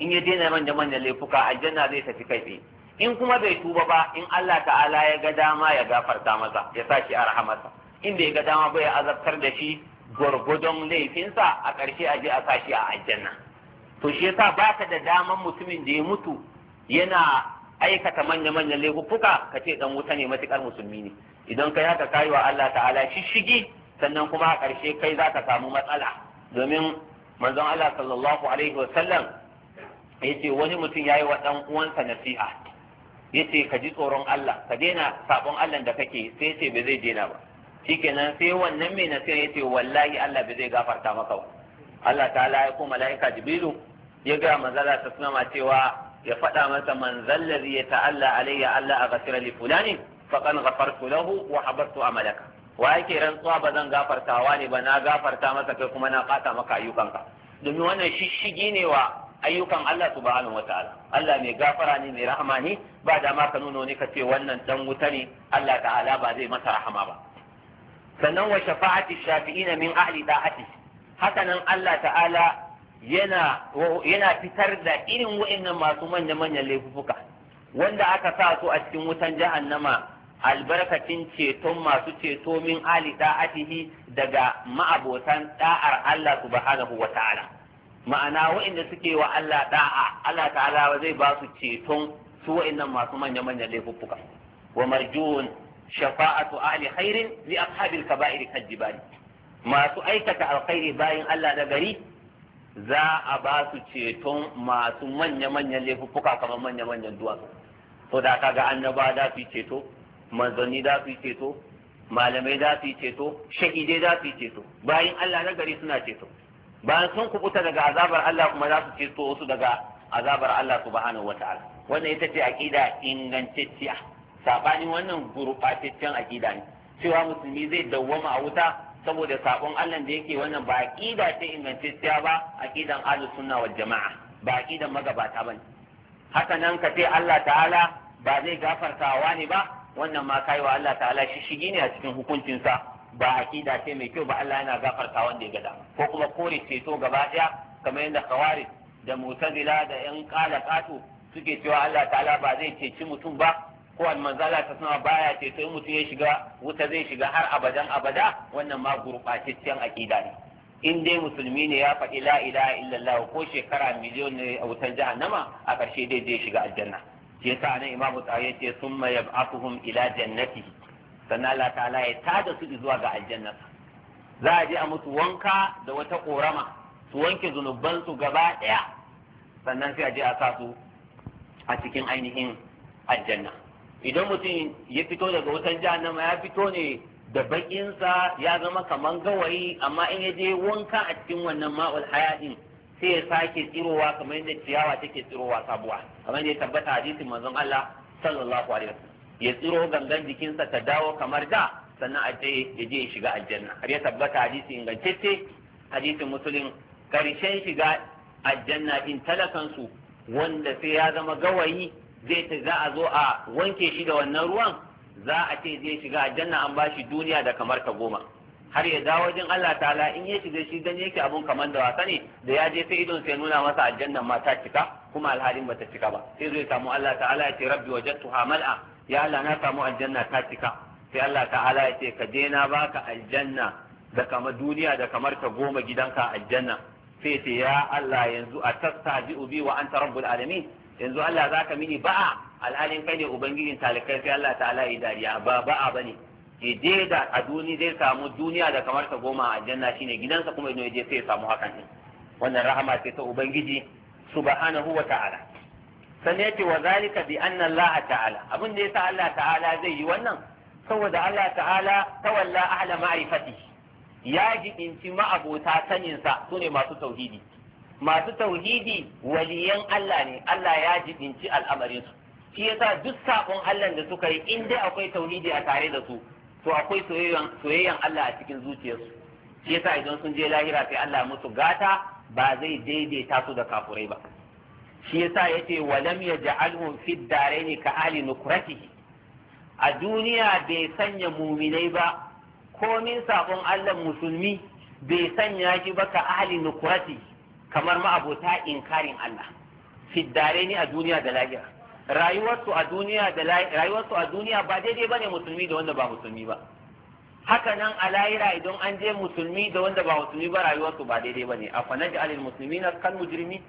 in ya daina manja-manja laifuka aljanna zai tafi kai tsaye in kuma bai tuba ba in Allah ta'ala ya ga dama ya gafarta masa ya sa shi a rahamarsa in bai ga dama ba ya azabtar da shi gwargwadon laifinsa a ƙarshe a je a sa a aljanna to shi yasa baka da daman mutumin da ya mutu yana aikata manya-manyan laifuka ka ce dan wuta ne matuƙar musulmi ne idan kai haka kai wa Allah ta'ala shishigi sannan kuma a ƙarshe kai za ka samu matsala domin manzon Allah sallallahu alaihi wasallam ce wani mutum yi wa ɗan uwansa nasiha ce ka ji tsoron Allah ka daina sabon Allah da kake sai ce ba zai daina ba shikenan sai wannan mai nasiha yace wallahi Allah ba zai gafarta maka ba Allah ta'ala ya ko mala'ika Jibrilu ya ga manzala ta sunama cewa ya faɗa masa man zallazi ya ta'alla alayya Allah a gasira fulani faqan ghafartu lahu wa habattu amalaka wa yake rantsuwa ba zan gafartawa ne ba na gafarta masa kai kuma na kata maka ayyukanka domin wannan shishigi ne wa ayyukan Allah subhanahu wataala Allah mai gafara ne mai rahama ne ba dama ka nuna wani ka ce wannan dan wuta ne Allah ta'ala ba zai masa rahama ba sannan wa shafa'ati shafi'ina min ahli da'ati hakanan Allah ta'ala yana yana fitar da irin wa'annan masu manya manyan laifuka wanda aka sa su a cikin wutan jahannama albarkacin ceton masu ceto min ali da'atihi daga ma'abotan da'ar Allah subhanahu wa ta'ala ma'ana waɗanda suke wa Allah da'a Allah ta'ala zai ba su ceton su waɗannan masu manya manyan laifuffuka wa marjun shafa'atu ahli khairin li ashabil kaba'ir Jibari. masu aikata alkhairi bayan Allah da gari za a ba su ceton masu manya manyan laifuffuka kamar manya manyan duwatsu to da kaga annaba da su ceto manzanni za su yi ceto malamai za su yi ceto shahidai za su yi ceto bayan Allah na gari suna ceto bayan sun kubuta daga azabar Allah kuma za su ceto wasu daga azabar Allah subhanahu wataala wannan ita ce aqida ingantacciya sabanin wannan gurbataccen aqida ne cewa musulmi zai dawwama a wuta saboda sabon Allah da yake wannan ba aqida ce ingantacciya ba aqidan ahlus sunna wal jamaa ba aqidan magabata bane ne. nan ka ce Allah ta'ala ba zai gafarta wa ne ba wannan ma kai wa Allah ta'ala shi shigi ne a cikin hukuncinsa ba akida ce mai kyau ba Allah yana gafarta wanda ya gada ko kuma kore ceto gaba daya kamar yadda khawarij da mu'tazila da yan kala kato suke cewa Allah ta'ala ba zai ceci mutum ba ko almanzala ta sama baya ceto mutum ya shiga wuta zai shiga har abadan abada wannan ma gurbataccen akida ne in dai musulmi ne ya faɗi la ilaha illallah ko shekara miliyon ne a wutan jahannama a ƙarshe dai zai shiga aljanna shi yasa nan ce sun yace a yab'athuhum ila jannati. sannan Allah ta'ala ya tada su zuwa ga aljannata za a je a mutu wanka da wata korama su wanke zunuban su gaba daya sannan sai a je a sa su a cikin ainihin aljanna idan mutum ya fito daga wutan jahannama ya fito ne da bakinsa ya zama kaman gawayi amma in ya je wanka a cikin wannan ma'ul hayaɗin sai ya sake tsirowa kamar yadda ciyawa take tsirowa sabuwa kamar yadda tabbata hadisin manzon Allah sallallahu alaihi wasallam ya tsiro gangan jikinsa ta dawo kamar da sannan a je ya je ya shiga aljanna har ya tabbata hadisi ingantacce hadisin musulun karshen shiga aljanna din talakansu wanda sai ya zama gawayi zai ta za a zo a wanke shi da wannan ruwan za a ce zai shiga aljanna an bashi duniya da kamar ta goma har ya dawo wajen Allah ta'ala in ya shiga shi dan yake abun kamar da wasa ne da ya je sai idon sai nuna masa aljanna ma ta cika kuma alhalin bata cika ba sai zai samu Allah ta'ala ya ce rabbi wajadtuha mal'a ya Allah na samu aljanna ta cika sai Allah ta'ala ya ce ka je na baka aljanna da kama duniya da kamar ta goma gidanka aljanna sai ce ya Allah yanzu a bi wa anta rabbul alamin yanzu Allah zaka mini ba'a alhalin kai ne ubangijin talikai sai Allah ta'ala ya dariya ba ba'a bane je da a duni zai samu duniya da kamar ta goma a janna shine gidansa kuma idan je sai ya samu hakan din wannan rahama ce ta ubangiji subhanahu wa ta'ala sannan yake wa zalika bi anna Allah ta'ala abin da yasa Allah ta'ala zai yi wannan saboda Allah ta'ala tawalla ahla ma'rifati ya ji jibinci ma'abota sa sune masu tauhidi masu tauhidi waliyan Allah ne Allah ya ji al'amarin al'amarinsu shi yasa duk sabon Allah da suka yi in dai akwai tauhidi a tare da su to akwai soyayyan Allah a cikin zuciyarsu shi yasa idan sun je lahira sai Allah musu gata ba zai daidaita su da kafurai ba shi yasa yace walam yaj'alhum fi daraini ka ahli nukratihi a duniya bai sanya muminai ba komin sabon Allah musulmi bai sanya shi ba ka ahli nukratihi kamar ma ma'abota inkarin Allah fi ni a duniya da lahira rayuwarsu a duniya da rayuwarsu a duniya ba daidai bane musulmi da wanda ba musulmi ba haka nan a lahira idan an je musulmi da wanda ba musulmi ba rayuwarsu ba daidai bane a da alil musulmi na kan mujirmi?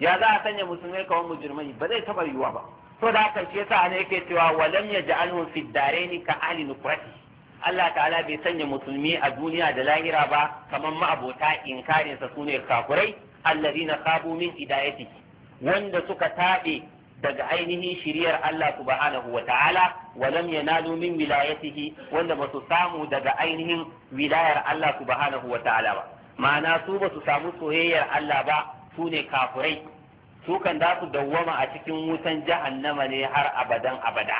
ya za a sanya musulmi kawan mujirmi? ba zai taba yiwuwa ba to da haka shi yasa ana yake cewa walam yaj'alhum fi daraini ka ahli nukrati Allah ta'ala bai sanya musulmi a duniya da lahira ba kamar ma'abota inkarinsa su ne kafurai allazina khabu min hidayati wanda suka taɓe daga ainihin shiriyar Allah subhanahu wa ta'ala wa lam yanalu min wilayatihi wanda ba su samu daga ainihin wilayar Allah subhanahu wa ta'ala ba ma'ana su ba su samu soyayyar Allah ba su ne kafurai su kan za su dawwama a cikin wutan jahannama ne har abadan abada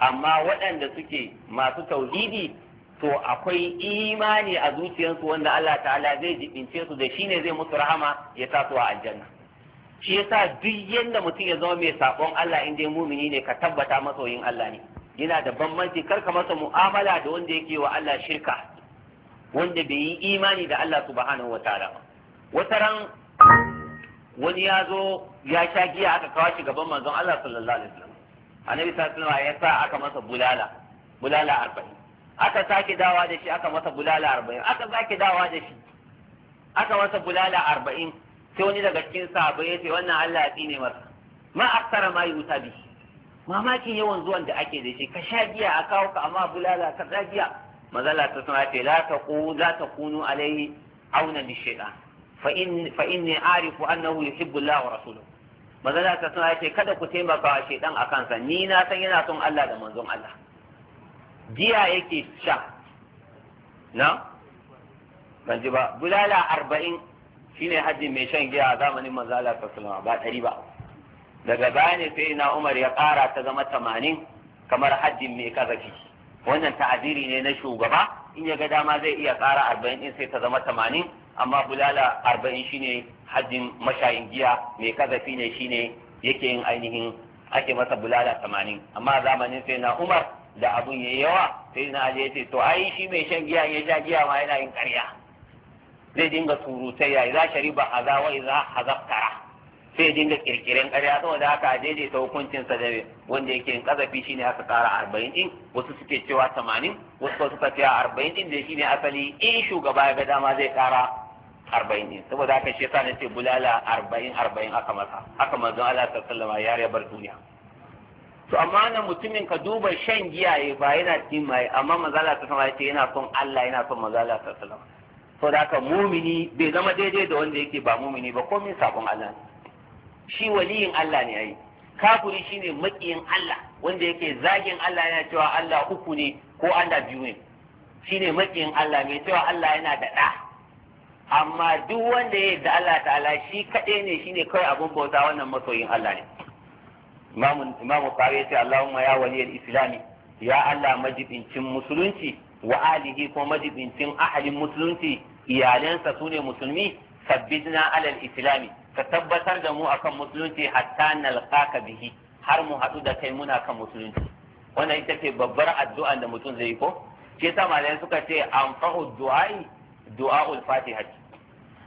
amma waɗanda suke masu tauhidi to akwai imani a zuciyarsu wanda Allah ta'ala zai jibince su da shine zai musu rahama ya sa su a aljanna shi yasa duk yanda mutum ya zama mai sabon Allah in dai mumini ne ka tabbata masoyin Allah ne yana da bambanci kar ka masa mu'amala da wanda yake wa Allah shirka wanda bai yi imani da Allah subhanahu wataala ba wata ran wani ya zo ya sha giya aka kawo shi gaban manzon Allah sallallahu alaihi wasallam annabi sallallahu alaihi wasallam ya sa aka masa bulala bulala arba'in aka sake dawa da shi aka masa bulala arba'in aka sake dawa da shi aka masa bulala arba'in sai wani daga cikin sahabai ya ce wannan Allah ya tsine masa ma aksara ma yuta bi mamakin yawan zuwan da ake da shi ka sha giya a kawo ka amma bulala ka sha giya mazala ta sama ce la taqu la kunu alaihi auna bi shida fa in fa inni arifu annahu yuhibbu Allah wa rasuluhu mazala ta sama ce kada ku taimaka wa shaytan akan sa ni na san yana son Allah da manzon Allah giya yake sha na ban ji ba bulala arba'in shine hajji mai shan giya a zamanin manzo Allah sallallahu ba ɗari ba daga baya ne sai na Umar ya ƙara ta zama tamanin kamar hajjin mai kazaki wannan ta'adiri ne na shugaba in ya ga dama zai iya ƙara arba'in din sai ta zama tamanin amma bulala arba'in shine hajjin mashayin giya mai kazafi ne shine yake yin ainihin ake masa bulala tamanin amma zamanin sai na Umar da abun yayi yawa sai na Ali ce to ai shi mai shan giya ya sha giya ma yana yin ƙarya zai dinga surutayya idza a haza wa idza hazaftara sai dinga kirkiren ƙarya saboda haka daidaita hukuncin sa da wanda yake yin kazafi shine aka ƙara arba'in din wasu suke cewa tamanin wasu suka cewa arba'in din da shine asali in shugaba ya ga dama zai ƙara arba'in din saboda haka shi yasa nace bulala arba'in arba'in aka masa aka manzon Allah sallallahu alaihi wasallam ya bar duniya to amma nan mutumin ka duba shan giya ba yana cikin mai amma manzon Allah sallallahu alaihi wasallam yana son Allah yana son manzon Allah sallallahu alaihi so da haka mumini bai zama daidai da wanda yake ba mumini ba komai sabon Allah shi waliyin Allah ne yayi kafiri shine makiyin Allah wanda yake zagin Allah yana cewa Allah uku ne ko Allah biyu ne shine makiyin Allah mai cewa Allah yana da ɗa amma duk wanda ya da Allah ta'ala shi kaɗai ne shine kawai abin bauta wannan masoyin Allah ne imamu imamu ya ce Allahumma ya waliyal islami ya Allah majibincin musulunci wa alihi ko majibincin ahalin musulunci iyalansa su ne musulmi sabbidna alal islami ka tabbatar da mu akan musulunci hatta nalqaka bihi har mu haɗu da kai muna kan musulunci wannan ita ce babbar addu'a da mutum zai yi ko ke sa malamai suka ce anfa'u du'ai du'aul fatiha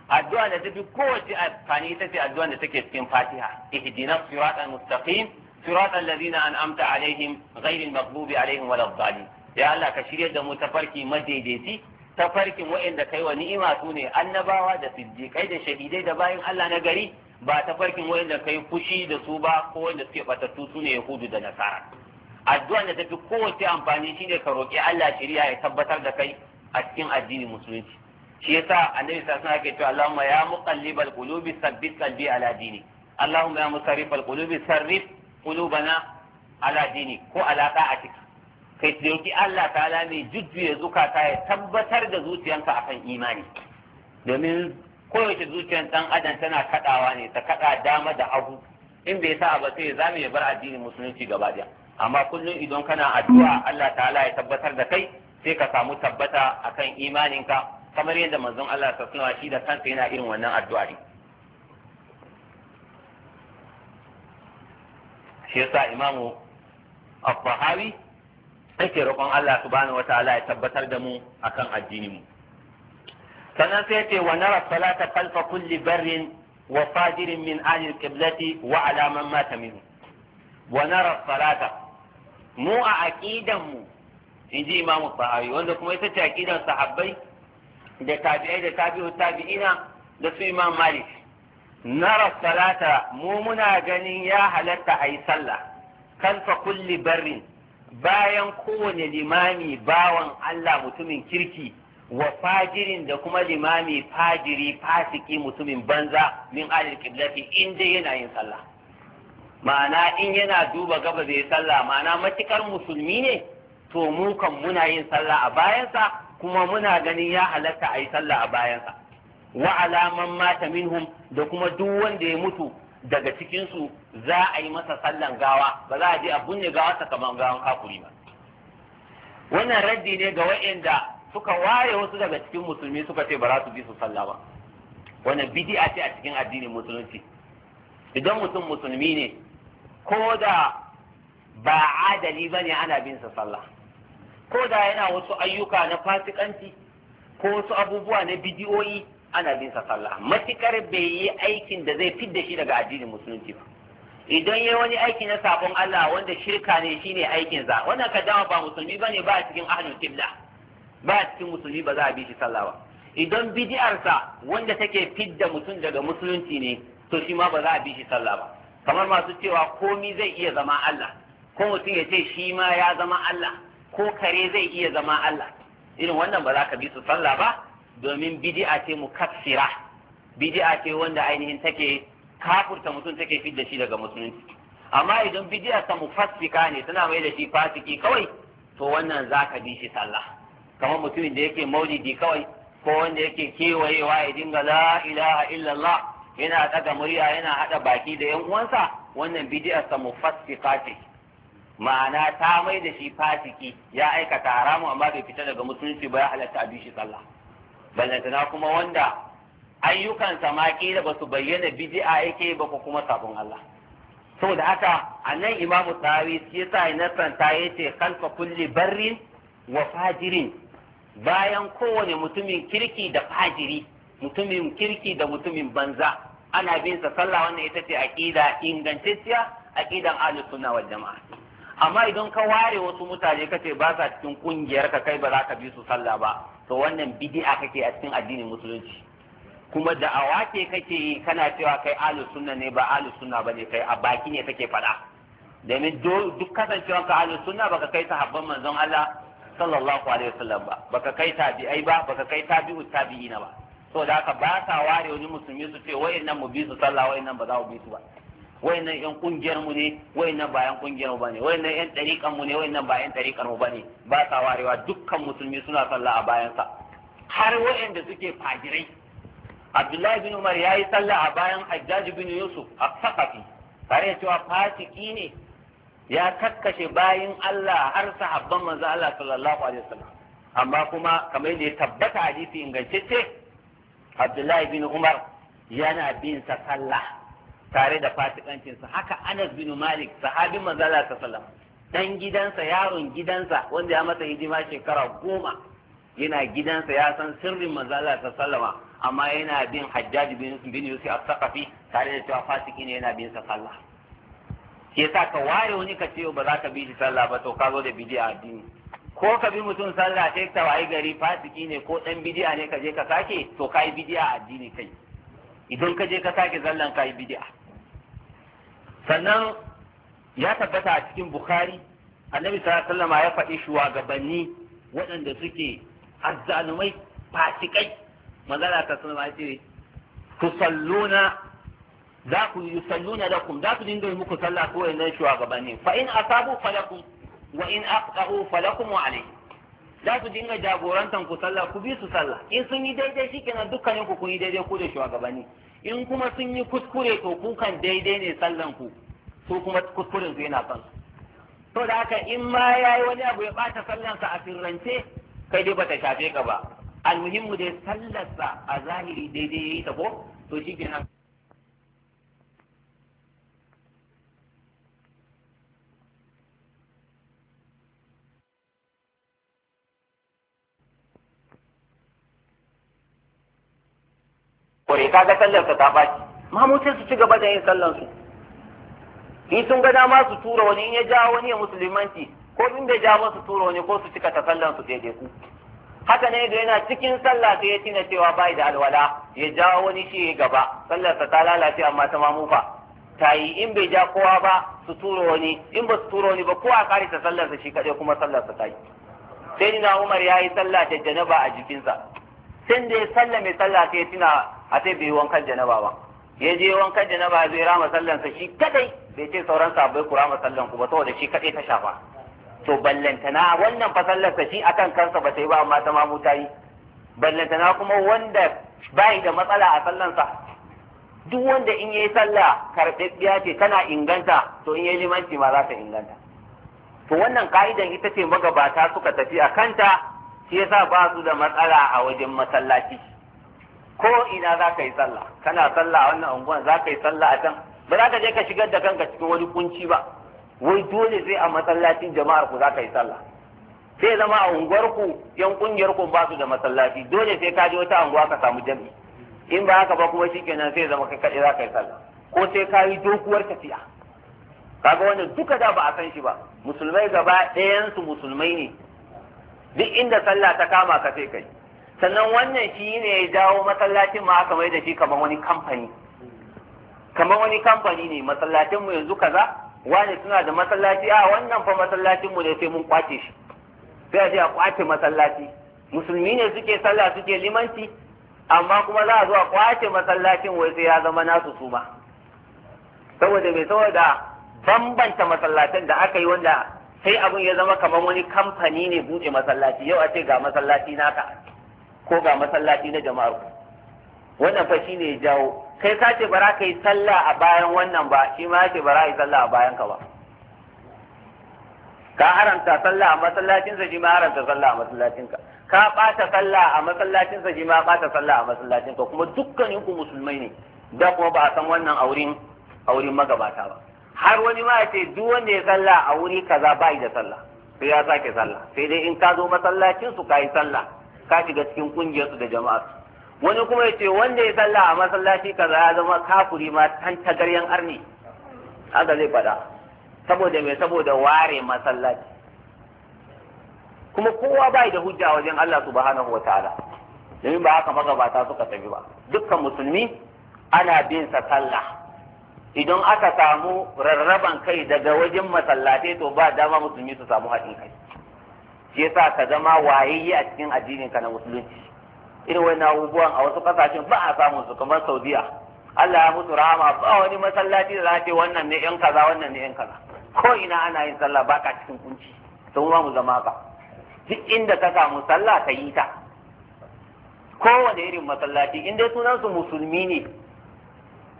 addu'a da tafi kowace amfani ita ce addu'a da take cikin fatiha ihdina siratal mustaqim siratal ladzina an'amta alaihim ghairil maghdubi alaihim waladdallin ya Allah ka shirya da mu tafarki madaidaiti tafarkin wa'anda kai wa ni'ima su ne annabawa da siddiqai da shahidai da bayin Allah na gari ba tafarkin wa'anda kai fushi da su ba ko wanda suke batattu su ne yahudu da nasara addu'a da tafi kowace amfani shine ka roki Allah shirya ya tabbatar da kai a cikin addinin musulunci shi yasa annabi sallallahu alaihi wasallam yake Allahumma ya muqallibal qulubi sabbit qalbi ala dini Allahumma ya musarrifal qulubi sarrif qulubana ala dini ko a ta'atika kai roki Allah ta'ala mai jujjuya zukata ya tabbatar da zuciyanka akan imani domin kowace zuciyar dan adam tana kaɗawa ne ta kaɗa dama da abu. in bai sa ba sai zamu ya bar addini musulunci gaba ɗaya. amma kullum idan kana addu'a Allah ta'ala ya tabbatar da kai sai ka samu tabbata akan imaninka kamar yadda manzon Allah ta suna shi da kansa yana irin wannan addu'a ne shi yasa imamu al nake roƙon Allah subhanahu wataala ya tabbatar da mu akan addinin mu sannan sai ce wa nara salata kalfa kulli barrin wa fajirin min ahli qiblati wa ala man mata minhu wa nara salata mu a aqidan mu inji imamu sahabi wanda kuma ita ce aqidan sahabbai da tabi'ai da tabi'u tabi'ina da su imam malik nara salata mu muna ganin ya halatta ayi sallah kalfa kulli barrin bayan kowane limami bawan Allah mutumin kirki wa fajirin da kuma limami fajiri fasiki mutumin banza min alil kiblati in yana yin sallah ma'ana in yana duba gaba zai sallah ma'ana matukar musulmi ne to mu kan muna yin sallah a bayansa kuma muna ganin ya halatta a yi sallah a bayansa wa alaman mata minhum da kuma duk wanda ya mutu daga cikinsu za a yi masa sallan gawa ba za a je a bunne gawa ta kamar gawan kafuri ba wannan raddi ne ga wa'inda suka ware wasu daga cikin musulmi suka ce ba za su bi su sallah ba wannan bid'a ce a cikin addinin musulunci idan mutum musulmi ne ko da ba adali ba ne ana bin sa sallah ko da yana wasu ayyuka na fasikanci ko wasu abubuwa na bidiyoyi ana bin sa sallah matukar bai yi aikin da zai fidda shi daga addinin musulunci ba idan yayi wani aiki na sabon Allah wanda shirka ne shine aikin za wannan kadama ba musulmi bane ba a cikin ahlul qibla ba a cikin musulmi ba za a bi shi sallah ba idan bid'ar sa wanda take fidda mutum daga musulunci ne to shi ma ba za a bi shi sallah ba kamar masu cewa komi zai iya zama Allah ko mutum ya ce shi ma ya zama Allah ko kare zai iya zama Allah irin wannan ba za ka bi su sallah ba domin bidi'a ce mu kafira bidi'a ce wanda ainihin take kafurta mutum take fi da shi daga musulunci amma idan bidi'a ta fasika ne tana mai da shi fasiki kawai to wannan zaka bi shi sallah kamar mutumin da yake maulidi kawai ko wanda yake kewayewa ya dinga la ilaha illallah yana daga murya yana hada baki da yan uwansa wannan bidi'a ta fasika ce ma'ana ta mai da shi fasiki ya aikata haramu amma bai fita daga musulunci ba ya halatta a bi shi sallah ballantana kuma wanda ayyukansa ma kila ba su bayyana bid'a yake ba ko kuma sabon Allah saboda haka anan imamu tawi shi yasa ya nasanta yace kalfa kulli barrin wa fajirin bayan kowane mutumin kirki da fajiri mutumin kirki da mutumin banza ana bin sa sallah wannan ita ce aqida ingantacciya aqidan ahlus sunna wal jamaa amma idan ka ware wasu mutane kace ba sa cikin kungiyar ka kai ba za ka bi su sallah ba to wannan bid'a kake a cikin addinin musulunci kuma da awa ce kake yi kana cewa kai ahlus sunna ne ba ahlus sunna bane kai a baki ne kake faɗa domin duk kasancewa ka ahlus sunna baka kai sahabban manzon Allah sallallahu alaihi wasallam ba baka kai tabi'ai ba baka kai tabi'u tabi'ina ba saboda haka ba sa ware wani musulmi su ce wa'annan mu bi su sallah wa'annan ba za mu bi su ba wayannan yan kungiyar mu ne wayannan ba yan kungiyar mu bane wayannan yan tariqan mu ne wayannan ba yan tariqan mu bane ba sa warewa dukkan musulmi suna sallah a bayan sa har wayanda suke fajirai Abdullahi bin Umar yayi sallah a bayan Hajjaj bin Yusuf a Saqafi tare da cewa fasiki ne ya kakkashe bayin Allah har sahabban manzo Allah sallallahu alaihi wasallam amma kuma kamar yadda ya tabbata hadisi ingantacce Abdullahi bin Umar yana bin sa sallah tare da fasikancinsa haka Anas bin Malik sahabin manzala ta sallama dan gidansa yaron gidansa wanda ya masa hidima shekara goma yana gidansa ya san sirrin manzala ta sallama amma yana bin Hajjaj bin Yusuf as-Saqafi tare da cewa fasiki ne yana bin sa sallah shi sa ka ware wani ka ce ba za ka bi shi sallah ba to ka zo da bid'a addini ko ka bi mutum sallah sai ka wayi gari fasiki ne ko dan bid'a ne ka je ka sake to kai bid'a addini kai idan ka je ka sake zallan kai bid'a sannan ya tabbata a cikin bukhari annabi sallallahu alaihi ya faɗi shugabanni waɗanda suke azzalumai fasikai manzala ta sallama ya ce salluna, za ku yi salluna da lakum za ku dinga yi muku sallah ko wayannan shugabanni fa in asabu falakum wa in aqta'u falakum wa alayhi za su dinga jagorantan ku sallah ku bi su sallah in sun yi daidai shikenan dukkanin ku kun yi daidai ku da shugabanni in kuma sun yi kuskure to kukan daidai ne sallan ku su kuma kuskuren su yana kan to da haka in ma yayi wani abu ya bata sa a sirrance kai dai bata shafe ka ba almuhimmu dai sallarsa a zahiri daidai yayi ta ko to shi kenan kore ga sallar ta baci mamucin su ci gaba da yin sallar su in sun ga dama su tura wani in ya ja wani ya musulmanci ko in bai ja su tura wani ko su cika ta sallar su daidai ku haka ne da yana cikin sallah sai ya tina cewa bai da alwala ya ja wani shi ya gaba sallar ta lalace amma ta mamufa ta yi in bai ja kowa ba su tura wani in ba su tura wani ba kowa kare ta sallar sa shi kadai kuma sallar sa ta yi sai ni na Umar ya yi sallah da janaba a jikinsa tun da ya sallame sallah sai tuna a sai bai wankan janaba ba ya je wankan janaba zai rama sallansa shi kadai bai ce sauran sabai ku rama sallan ku ba saboda shi kadai ta shafa to ballantana wannan fa sallarsa shi akan kansa ba sai ba amma ta ma ta yi ballantana kuma wanda bai da matsala a sallansa duk wanda in yayi sallah karɓaɓɓiya ce tana inganta to in yayi limanci ma za ta inganta to wannan ka'idan ita ce magabata suka tafi a kanta shi yasa ba su da matsala a wajen masallaci ko ina za ka yi sallah kana sallah a wannan unguwan za ka yi sallah a can ba za ka je ka shigar da kanka cikin wani kunci ba wai dole sai a masallacin jama'ar ku za ka yi sallah sai zama a unguwar ku yan kungiyar ku ba su da masallaci dole sai ka je wata unguwa ka samu jami'i in ba haka ba kuma shikenan sai zama kai kaɗai za ka yi sallah ko sai ka yi dokuwar tafiya kaga wannan duka da ba a san shi ba musulmai gaba ɗayansu musulmai ne duk inda sallah ta kama ka sai kai sannan wannan shi ne ya jawo masallacin ma aka mai da shi kamar wani kamfani kamar wani kamfani ne masallacin mu yanzu kaza wani suna da masallaci a wannan fa masallacin mu ne sai mun kwace shi sai a ce a kwace masallaci musulmi ne suke sallah suke limanci amma kuma za a zo a kwace masallacin wai sai ya zama nasu ba. saboda mai saboda bambanta masallacin da aka yi wanda sai abin ya zama kamar wani kamfani ne buɗe masallaci yau a ce ga masallaci naka ko ga masallaci na jama'ar ku wannan fa shine ya jawo kai ka ce bara ka yi sallah a bayan wannan ba shi ma ce bara yi sallah a bayan ka ba ka haramta sallah a masallacinsa shi ma haramta sallah a masallacinka ka ɓata sallah a masallacinsa shi ma ɓata sallah a masallacinka kuma dukkanin ku musulmai ne da kuma ba a san wannan aurin aurin magabata ba har wani ma ya ce duk wanda ya sallah a wuri kaza bai da sallah sai ya sake sallah sai dai in ka zo masallacin su kai sallah ka shiga cikin kungiyar su da jama'a wani kuma ya ce wanda ya sallah a masallaci kaza ya zama kafuri ma tan tagaryan arni haka zai faɗa saboda me saboda ware masallaci kuma kowa bai da hujja wajen Allah subhanahu wataala domin ba haka magabata suka tafi ba dukkan musulmi ana bin sa sallah idan aka samu rarraban kai daga wajen masallatai to ba dama musulmi su samu haɗin kai shi yasa ka zama wayayye a cikin addinin ka na musulunci irin wani abubuwan a wasu kasashen ba a samun su kamar saudiya Allah ya mutu rahama ba wani masallaci da za ce wannan ne yan kaza wannan ne yan kaza ko ina ana yin sallah ba ka cikin kunci sun mu zama ka duk inda ka samu sallah ka yi ta kowane irin masallaci in dai sunan su musulmi ne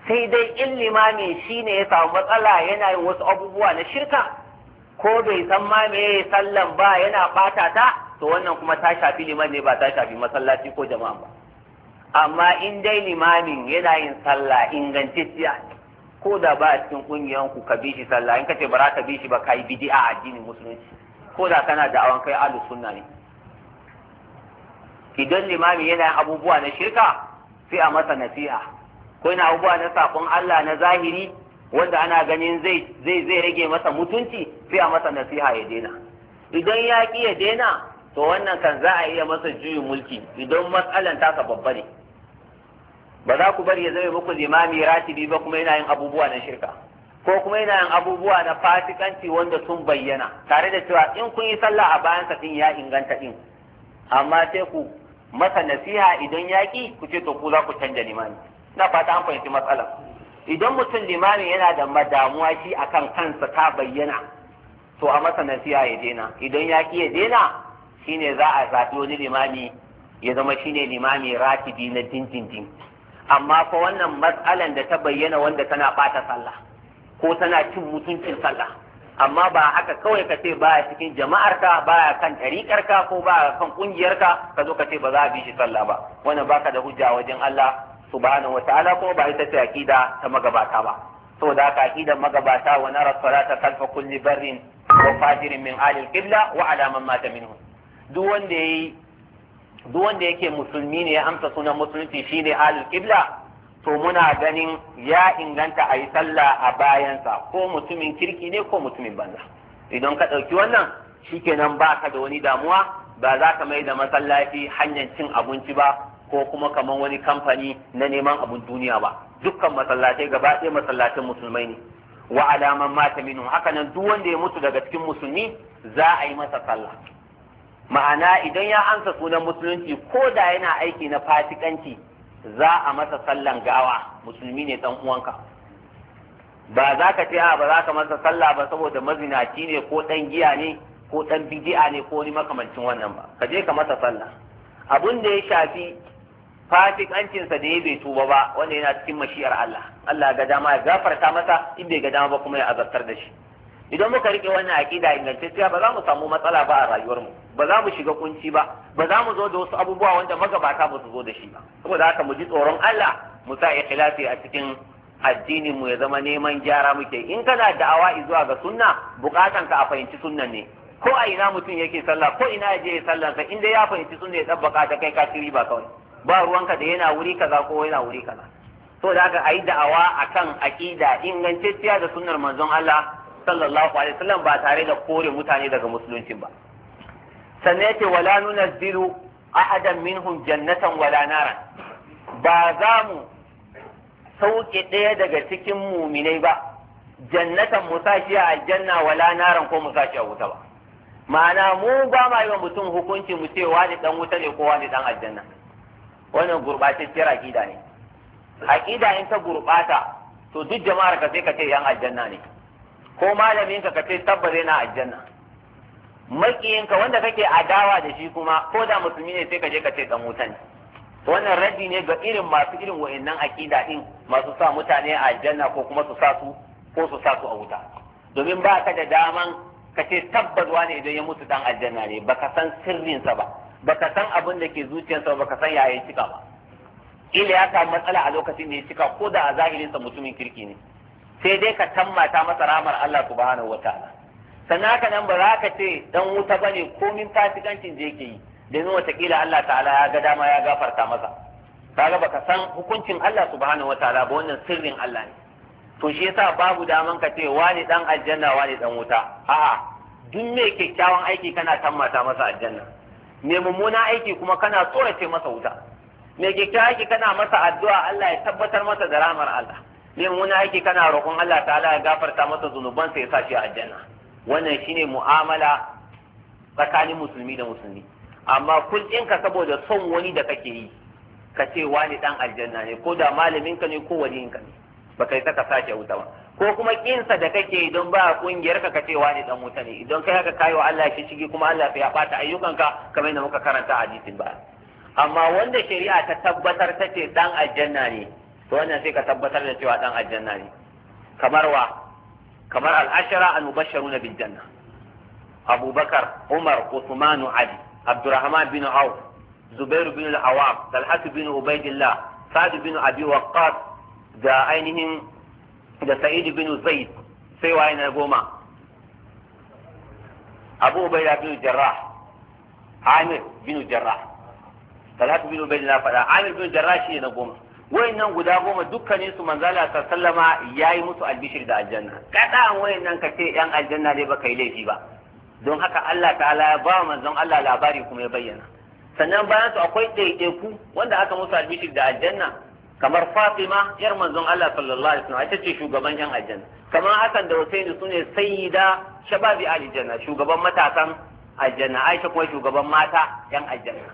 sai dai in limami shi ne ya samu matsala yana yin wasu abubuwa na shirka ko bai san ma me sallan ba yana bata ta to wannan kuma ta shafi liman ne ba ta shafi masallaci ko jama'a ba amma in dai limamin yana yin sallah ingantacciya ko da ba a cikin kungiyan ku ka bishi sallah in ka ce ba za ka bishi ba ka yi bid'a a addinin musulunci ko da kana da awan kai ahlus sunna ne idan limami yana yin abubuwa na shirka sai a masa nasiha akwai na abubuwa na sakon Allah na zahiri wanda ana ganin zai zai zai rage masa mutunci sai a masa nasiha ya daina idan ya ki ya daina to wannan kan za a iya masa juyin mulki idan matsalan taka babba ne ba za ku bari ya zama muku limami ratibi ba kuma yana yin abubuwa na shirka ko kuma yana yin abubuwa na fasikanci wanda sun bayyana tare da cewa in kun yi sallah a bayan sa din ya inganta din amma sai ku masa nasiha idan yaki? ki ku ce to ku za ku canja limami na fata an fahimci matsalar idan mutum limamin yana da madamuwa shi akan kansa ta bayyana to a masa nasiha ya daina idan ya ki ya daina shine za a zaɓi wani limami ya zama shine limami ratibi na dindindin amma fa wannan matsalan da ta bayyana wanda tana ɓata sallah ko tana cin mutuncin sallah amma ba haka kawai ka ce baya cikin jama'arka baya kan ɗariƙarka ko baya kan ƙungiyarka ka zo ka ce ba za a bi shi sallah ba wannan baka da hujja wajen Allah subhanahu wataala kuma ba ita ce aqida ta magabata ba saboda haka aqidan magabata wa nara salata kalfa kulli barrin wa fajirin min alil qibla wa ala man mata minhu duk wanda yayi duk wanda yake musulmi ne ya amsa sunan musulunci shine alil qibla to muna ganin ya inganta a yi sallah a bayansa ko mutumin kirki ne ko mutumin banza idan ka ɗauki wannan shikenan ba ka da wani damuwa ba za ka mai da masallaci hanyar cin abinci ba ko kuma kamar wani kamfani na neman abun duniya ba dukkan masallatai gaba ɗaya masallatin musulmai ne wa alaman mata minu. haka nan duk wanda ya mutu daga cikin musulmi za a yi masa sallah ma'ana idan ya ansa sunan musulunci ko da yana aiki na fasikanci za a masa sallan gawa musulmi ne dan uwanka ba za ka ce ba za ka masa sallah ba saboda mazinaci ne ko dan giya ne ko dan bid'a ne ko wani makamancin wannan ba ka je ka masa sallah abun da ya shafi fasikancinsa da ya bai tuba ba wanda yana cikin mashiyar Allah Allah ga dama ya gafarta masa in bai ga dama ba kuma ya azabtar da shi idan muka rike wannan aqida ingantacciya ba za mu samu matsala ba a rayuwarmu ba za mu shiga kunci ba ba za mu zo da wasu abubuwa wanda magabata ba su zo da shi ba saboda haka mu ji tsoron Allah mu sa ikhlasi a cikin addinin mu ya zama neman gyara muke in kana da'awa zuwa ga sunna bukatan ka a fahimci sunnan ne ko a ina mutum yake sallah ko ina ya je ya sallansa inda ya fahimci sunna ya tabbaka ta kai ka ba kawai ba ruwanka da yana wuri kaza ko yana wuri kaza to da haka ayi da'awa akan aqida ingantacciya da sunnar manzon Allah sallallahu alaihi wasallam ba tare da kore mutane daga musulunci ba sannan yake wala nunazzilu ahadan minhum jannatan wala nara. ba za mu sauke ɗaya daga cikin muminai ba jannatan musashi a aljanna wala naran ko musashi a wuta ba ma'ana mu ba ma yi mutum hukunci mu cewa wani dan wuta ne ko wani dan aljanna wannan gurbatacciyar aƙida ne aƙida in ta gurɓata, to duk jama'ar ka sai ka ce yan aljanna ne ko malamin ka ka ce tabbare na aljanna makiyin ka wanda kake adawa da shi kuma ko da musulmi ne sai ka je ka ce dan wutan wannan raddi ne ga irin masu irin wa'annan aƙida din masu sa mutane a aljanna ko kuma su sa su ko su sa su a wuta domin ba ka da daman ka ce tabbas ne idan ya mutu dan aljanna ne baka san sirrinsa ba baka san abin da ke zuciyarsa ba baka san yaya cika ba ila ya samu matsala a lokacin da ya cika ko da a zahirinsa mutumin kirki ne sai dai ka tammata masa ramar Allah subhanahu wataala sannan haka nan ba za ka ce dan wuta bane komin fasikancin da yake yi domin watakila Allah ta'ala ya ga dama ya gafarta masa kaga baka san hukuncin Allah subhanahu wataala ba wannan sirrin Allah ne to shi yasa babu daman ka ce wani dan aljanna wani dan wuta a'a duk mai kyakkyawan aiki kana tammata masa aljanna mai mummuna aiki kuma kana tsorace masa wuta mai kyakkyawa aiki kana masa addu'a Allah ya tabbatar masa da ramar Allah mai mummuna aiki kana roƙon Allah ta'ala ya gafarta masa zunubansa ya sa shi a aljanna wannan shine mu'amala tsakanin musulmi da musulmi amma kun ɗinka saboda son wani da kake yi ka ce wani dan aljanna ne ko da malamin ka ne ko ka ne baka yi saka sashi wuta ba ko kuma kinsa da kake don ba kungiyar ka kace ne dan wuta ne idan kai haka kayo Allah shi ciki kuma Allah sai ya bata ayyukanka kamar yadda muka karanta hadisin ba amma wanda shari'a ta tabbatar ta ce dan aljanna ne to wannan sai ka tabbatar da cewa dan aljanna ne kamar wa kamar al-ashara al-mubashsharuna bil janna abubakar umar usmanu ali abdurrahman bin auf zubair bin al-awwab talhat bin ubaidillah sa'd bin abi waqqas da ainihin da sa'id bin zaid sai waye na goma abu ubaida bin jarrah amir bin jarrah talatu bin ubaida na faɗa amir bin jarrah shi na goma wayannan guda goma dukkanin su manzala ta sallama yayi musu albishir da aljanna kada wayannan ka ce yan aljanna ne baka yi laifi ba don haka Allah ta'ala ya ba manzon Allah labari kuma ya bayyana sannan bayan su akwai ɗaiɗaiku wanda aka musu albishir da aljanna kamar Fatima yar manzon Allah sallallahu alaihi wasallam ita ce shugaban yan aljanna kamar Hassan da Hussein sune sayyida shababi aljanna shugaban matasan aljanna Aisha kuma shugaban mata yan aljanna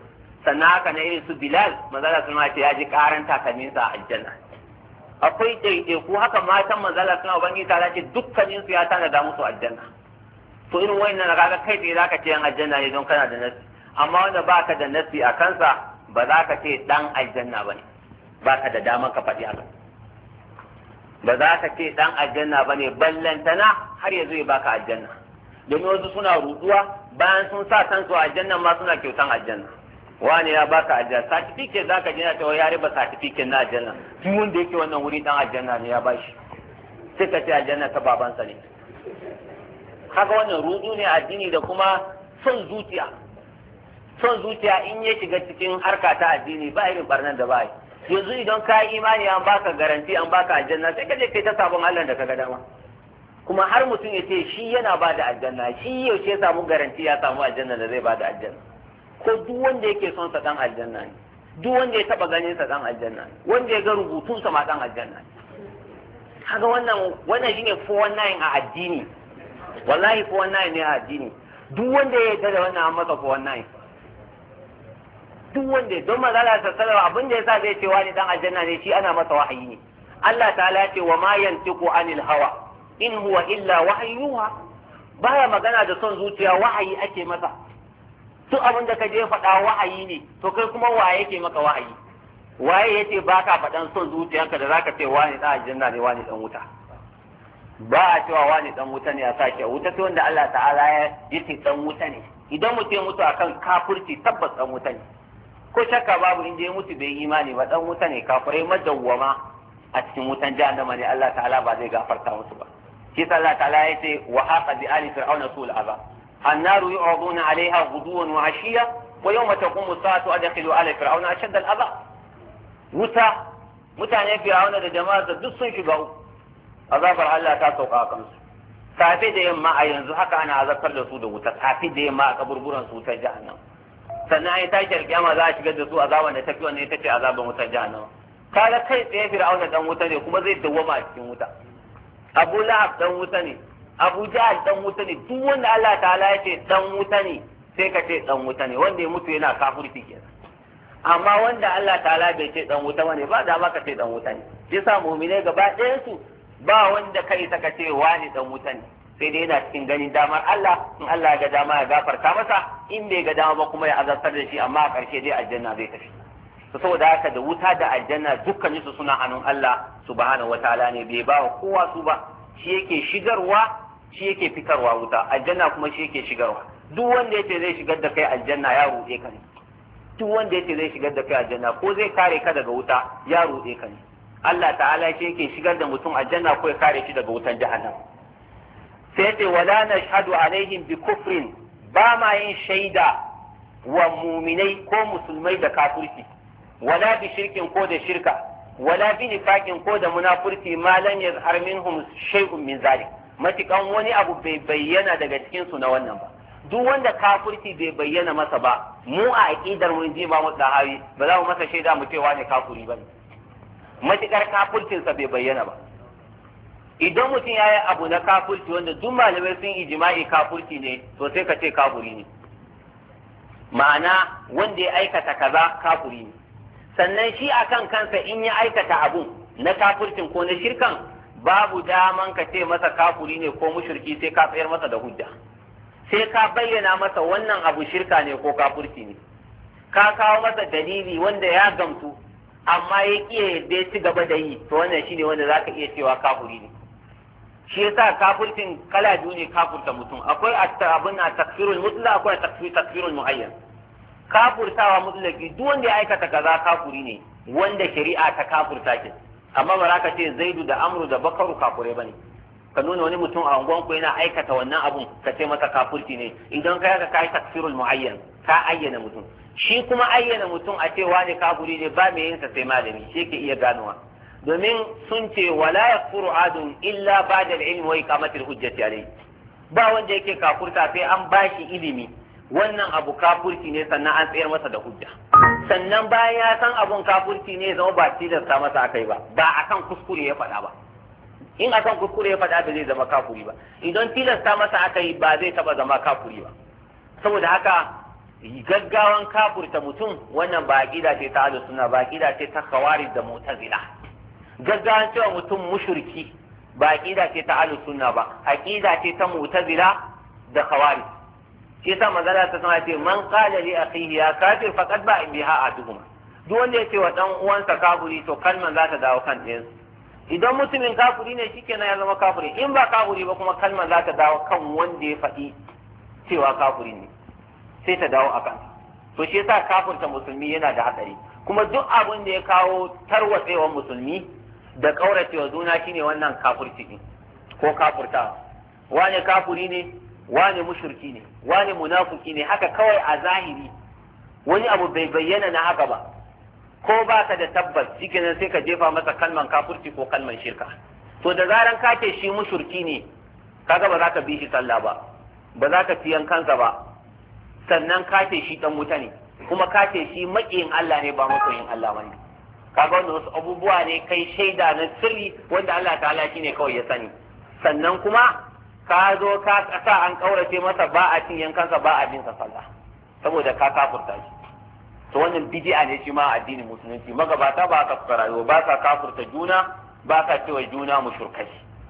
sannan haka na irin su Bilal manzala sun ce ya ji karan takamin sa aljanna akwai ɗaiɗaiku haka matan manzala suna ubangiji ta ce dukkaninsu ya tanada musu aljanna to irin wayannan kaga kai tsaye zaka ce yan aljanna ne don kana da nasi amma wanda baka da nasi a kansa ba za ka ce dan aljanna bane ba ka da dama ka faɗi haka ba za ka ce ɗan aljanna ba ne ballantana har ya zo ya baka aljanna domin wasu suna ruduwa bayan sun sa su aljanna ma suna kyautan aljanna wani ya baka aljanna certificate za ka jina cewa ya riba certificate na aljanna duk wanda yake wannan wuri ɗan aljanna ne ya bashi sai ka ce aljanna ta babansa ne haka wannan rudu ne addini da kuma son zuciya son zuciya in ya shiga cikin harka ta addini ba irin barnan da ba yi yanzu idan ka yi imani an baka garanti an baka aljanna sai ka je kai ta sabon Allah da kaga dama kuma har mutum ya ce shi yana ba da aljanna shi yaushe ya samu garanti ya samu aljanna da zai ba da aljanna ko duk wanda yake son sa dan aljanna ne duk wanda ya taba ganin sa dan aljanna ne wanda ya ga rubutun sa ma dan aljanna ne kaga wannan wannan shine 419 a addini wallahi 419 ne a addini duk wanda ya yarda da wannan an masa 419 duk wanda don maza ta sallar abin da ya sa zai cewa ne dan aljanna ne shi ana masa wahayi ne Allah ta'ala ya ce wa ma yantiqu anil hawa in huwa illa wahyuha baya magana da son zuciya wahayi ake masa duk abin da ka je faɗa wahayi ne to kai kuma waye yake maka wahayi waye yace baka faɗan son zuciyanka da zaka ce wani dan aljanna ne wani dan wuta ba a cewa wani dan wuta ne a sake wuta sai wanda Allah ta'ala ya yace dan wuta ne idan mutum ya mutu akan kafirci tabbas dan wuta ne ko shakka babu in je mutu bai imani ba dan wuta ne kafirai madawwama a cikin wutan jahannama ne Allah ta'ala ba zai gafarta musu ba shi sa Allah ta'ala ya ce wa haqa bi ali fir'auna sul aba annaru yu'aduna 'alayha ghuduwan wa 'ashiya wa yawma taqumu as-saatu adkhilu ala fir'auna ashadd al-aba wuta mutane fir'auna da jama'a duk sun shiga uku azabar Allah ta sauka su. safe da yamma a yanzu haka ana azabtar da su da wuta safe da yamma a kaburburan su ta jahannama sannan ai tashi alkiyama za a shigar da su azaban da tafi wannan ita ce azaban wutar jahannama kaga kai tsaye fir'auna dan wuta ne kuma zai dawwama a cikin wuta abu lahab dan wuta ne abu jahal dan wuta ne duk wanda Allah ta'ala ya ce dan wuta ne sai ka ce dan wuta ne wanda ya mutu yana kafirci kenan amma wanda Allah ta'ala bai ce dan wuta bane ba da ma ka ce dan wuta ne yasa mu'mine gaba ɗayan su ba wanda kai ka ce wani dan wuta ne sai dai yana cikin ganin damar Allah in Allah ya ga dama ya gafarta masa in bai ga dama ba kuma ya azabtar da shi amma a ƙarshe dai aljanna zai tafi to saboda haka da wuta da aljanna dukkan su suna hannun Allah subhanahu wataala ne bai ba wa kowa su ba shi yake shigarwa shi yake fitarwa wuta aljanna kuma shi yake shigarwa duk wanda yace zai shigar da kai aljanna ya ruɗe ka ne duk wanda yace zai shigar da kai aljanna ko zai kare ka daga wuta ya ruɗe ka ne Allah ta'ala shi yake shigar da mutum aljanna ko ya kare shi daga wutan nan. sai ce wala nashhadu alaihim bi kufrin ba ma yin shaida wa muminai ko musulmai da kafirci wala bi shirkin ko da shirka wala bi nifaqin ko da munafurci ma lan yazhar minhum shay'un min zalik matikan wani abu bai bayyana daga cikin su na wannan ba duk wanda kafirci bai bayyana masa ba mu a aƙidar mu ji ba mutsa hawi ba za mu masa shaida mu cewa ne ba ne. matikar kafircin bai bayyana ba idan mutum ya yi abu na kafurci wanda duk malamai sun ijima'i kafurci ne to sai ka ce kafuri ne ma'ana wanda ya aikata kaza kafuri ne sannan shi akan kansa in ya aikata abu na kafurcin ko na shirkan babu daman ka ce masa kafuri ne ko mushirki sai ka tsayar masa da hujja sai ka bayyana masa wannan abu shirka ne ko kafurci ne ka kawo masa dalili wanda ya gamtu amma ya ƙi yadda ya ci gaba da yi to wannan shine wanda za ka iya cewa kafuri ne shi yasa kafircin kala biyu ne kafurta mutum akwai abin a takfirun mutla akwai a takfirun Muhayyar. kafurtawa mutlaki duk wanda ya aikata kaza kafuri ne wanda shari'a ta kafurta shi amma ba za ka ce zaidu da amru da bakaru ba ne ka nuna wani mutum a unguwanku yana aikata wannan abun ka ce masa kafurci ne idan ka yaka yi takfirun Muhayyar ka ayyana mutum shi kuma ayyana mutum a cewa ne kafuri ne ba mai yinsa sai malami shi ke iya ganowa domin sun ce wala yakfuru adun illa ba da ilmi wai kamatar hujjar hujjati ba wanda yake kafurta sai an ba shi ilimi wannan abu kafurci ne sannan an tsayar masa da hujja sannan bayan ya san abun kafurci ne zama ba tilasta masa akai ba ba akan kuskure ya faɗa ba in akan kuskure ya faɗa ba zai zama kafuri ba idan tilasta masa aka yi ba zai taɓa zama kafuri ba saboda haka gaggawan kafurta mutum wannan ba ce ta ahlus ba ba ce ta kawari da mu'tazila gaggawan cewa mutum mushriki ba aqida ce ta ahlus sunna ba aqida ce ta mu'tazila da khawari shi yasa magana ta sama ce man qala li akhihi ya kafir faqad ba biha aduhuma duk wanda yace wa dan uwansa kafiri to kalman za ta dawo kan ɗayan idan mutumin kafiri ne shikenan ya zama kafiri in ba kafiri ba kuma kalman za ta dawo kan wanda ya faɗi cewa kafiri ne sai ta dawo a kan to shi yasa kafirta musulmi yana da hatsari kuma duk abin da ya kawo tarwatsewar musulmi da kauracewa juna shine wannan kafirci din ko kafurta wane kafuri ne wane mushriki ne wane munafiki ne haka kawai a zahiri wani abu bai bayyana na haka ba ko baka da tabbas nan sai ka jefa masa kalman kafurci ko kalman shirka to da zaran ka ce shi mushriki ne kaga ba za ka bi shi sallah ba ba za ka ci kansa ba sannan ka ce shi dan wuta ne kuma ka ce shi maƙiyin Allah ne ba makoyin Allah ne. kaga wannan wasu abubuwa ne kai shaida na sirri wanda Allah ta'ala ne kawai ya sani sannan kuma ka zo ka sa an kaurace masa ba a cin yankansa ba a bin sa sallah saboda ka kafurta shi to wannan bid'a ne shi ma addinin musulunci magabata ba ka fara rayuwa ba ka kafurta juna ba ka cewa juna mushrikai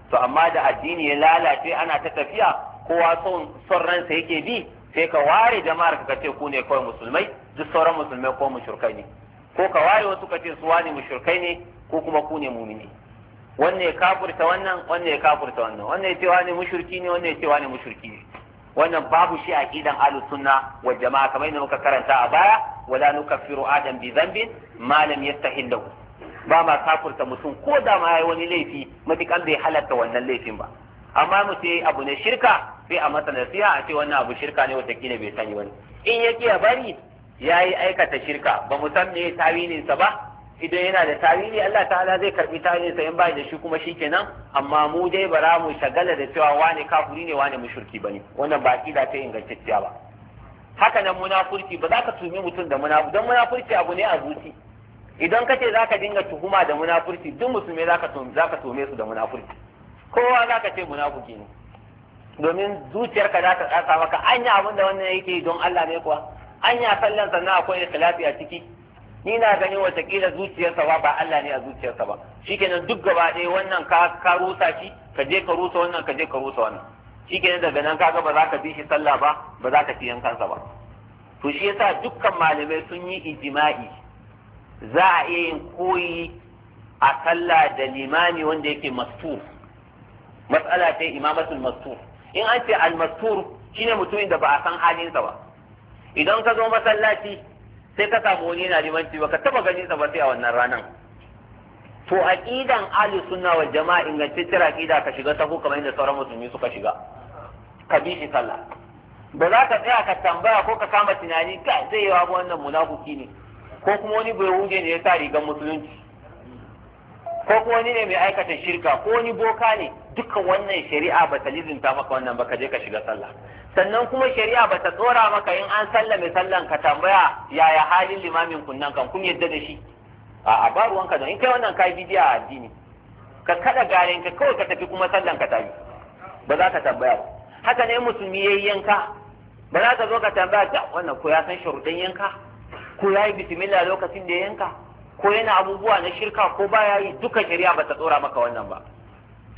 to amma da addini ya lalace ana ta tafiya kowa son son ransa yake bi sai ka ware jama'ar ka ce ku ne kawai musulmai duk sauran musulmai ko mushrikai ne ko ka ware wasu ka ce su wani mushrikai ne ko kuma ku ne mumini wanne ya kafurta wannan wanne ya kafurta wannan wanne ya ce wani mushriki ne wanne ya ce wani mushriki ne wannan babu shi a idan ahlus sunna wa jamaa kamar yadda muka karanta a baya wala nukaffiru adam bi dhanbin ma lam lahu ba ma kafurta mutum ko da ma yayi wani laifi matukan bai halatta wannan laifin ba amma mu ce abu ne shirka sai a masa nasiha a ce wannan abu shirka ne wata bai sani wani in ya kiya bari ya yi aikata shirka ba mu san me tawilinsa ba idan yana da tawili Allah ta'ala zai karbi tawilinsa in bai da shi kuma shikenan amma mu dai ba za mu shagala da cewa wane kafuri ne wane mushriki bane wannan ba kida ta ingantacciya ba haka nan munafurci ba za ka tumi mutum da munafurci dan munafurci abu ne a zuci idan ka ce za ka dinga tuhuma da munafurci duk musulmi za ka tume su da munafurci kowa za ka ce munafuki ne domin zuciyarka za ta tsasa maka anya abin da wannan yake don Allah ne kuwa An anya sallan sannan akwai ikhlasi a ciki ni na ganin watakila zuciyarsa ba ba Allah ne a zuciyarsa ba shikenan duk gaba ɗaya wannan ka rusa shi ka je ka rusa wannan ka je ka rusa wannan shikenan daga nan kaga ba za ka bi shi sallah ba ba za ka ci kansa ba to shi yasa dukkan malamai sun yi ijma'i za a iya yin koyi a sallah da limami wanda yake mastur mas'ala ta imamatul mastur in an ce al mastur shine mutumin da ba a san halinsa ba idan ka zo masallaci sai ka samu wani yana limanci ka taba ganin sa ba sai a wannan ranan to aqidan ahli sunna wal jama'a ingantacciyar aqida ka shiga sahu kamar yadda sauran musulmi suka shiga ka bi shi sallah ba za ka tsaya ka tambaya ko ka kama tunani ka zai yi wa wannan munafuki ne ko kuma wani bai wuje ne ya sa rigar musulunci ko kuma wani ne mai aikata shirka ko wani boka ne dukkan wannan shari'a ba ta lizinta maka wannan ba ka je ka shiga sallah sannan kuma shari'a ba ta tsora maka in an sallame sallan ka tambaya yaya halin limamin kunnan kan kun yadda da shi a ba ka don in kai wannan kai bidiya a addini ka kada garin ka kawai ka tafi kuma sallan ka tafi ba za ka tambaya ba haka ne musulmi yayi yanka ba za ka zo ka tambaya ta wannan ko ya san sharuɗin yanka ko ya yi bismillah lokacin da ya yanka ko yana abubuwa na shirka ko ba ya yi duka shari'a ba ta tsora maka wannan ba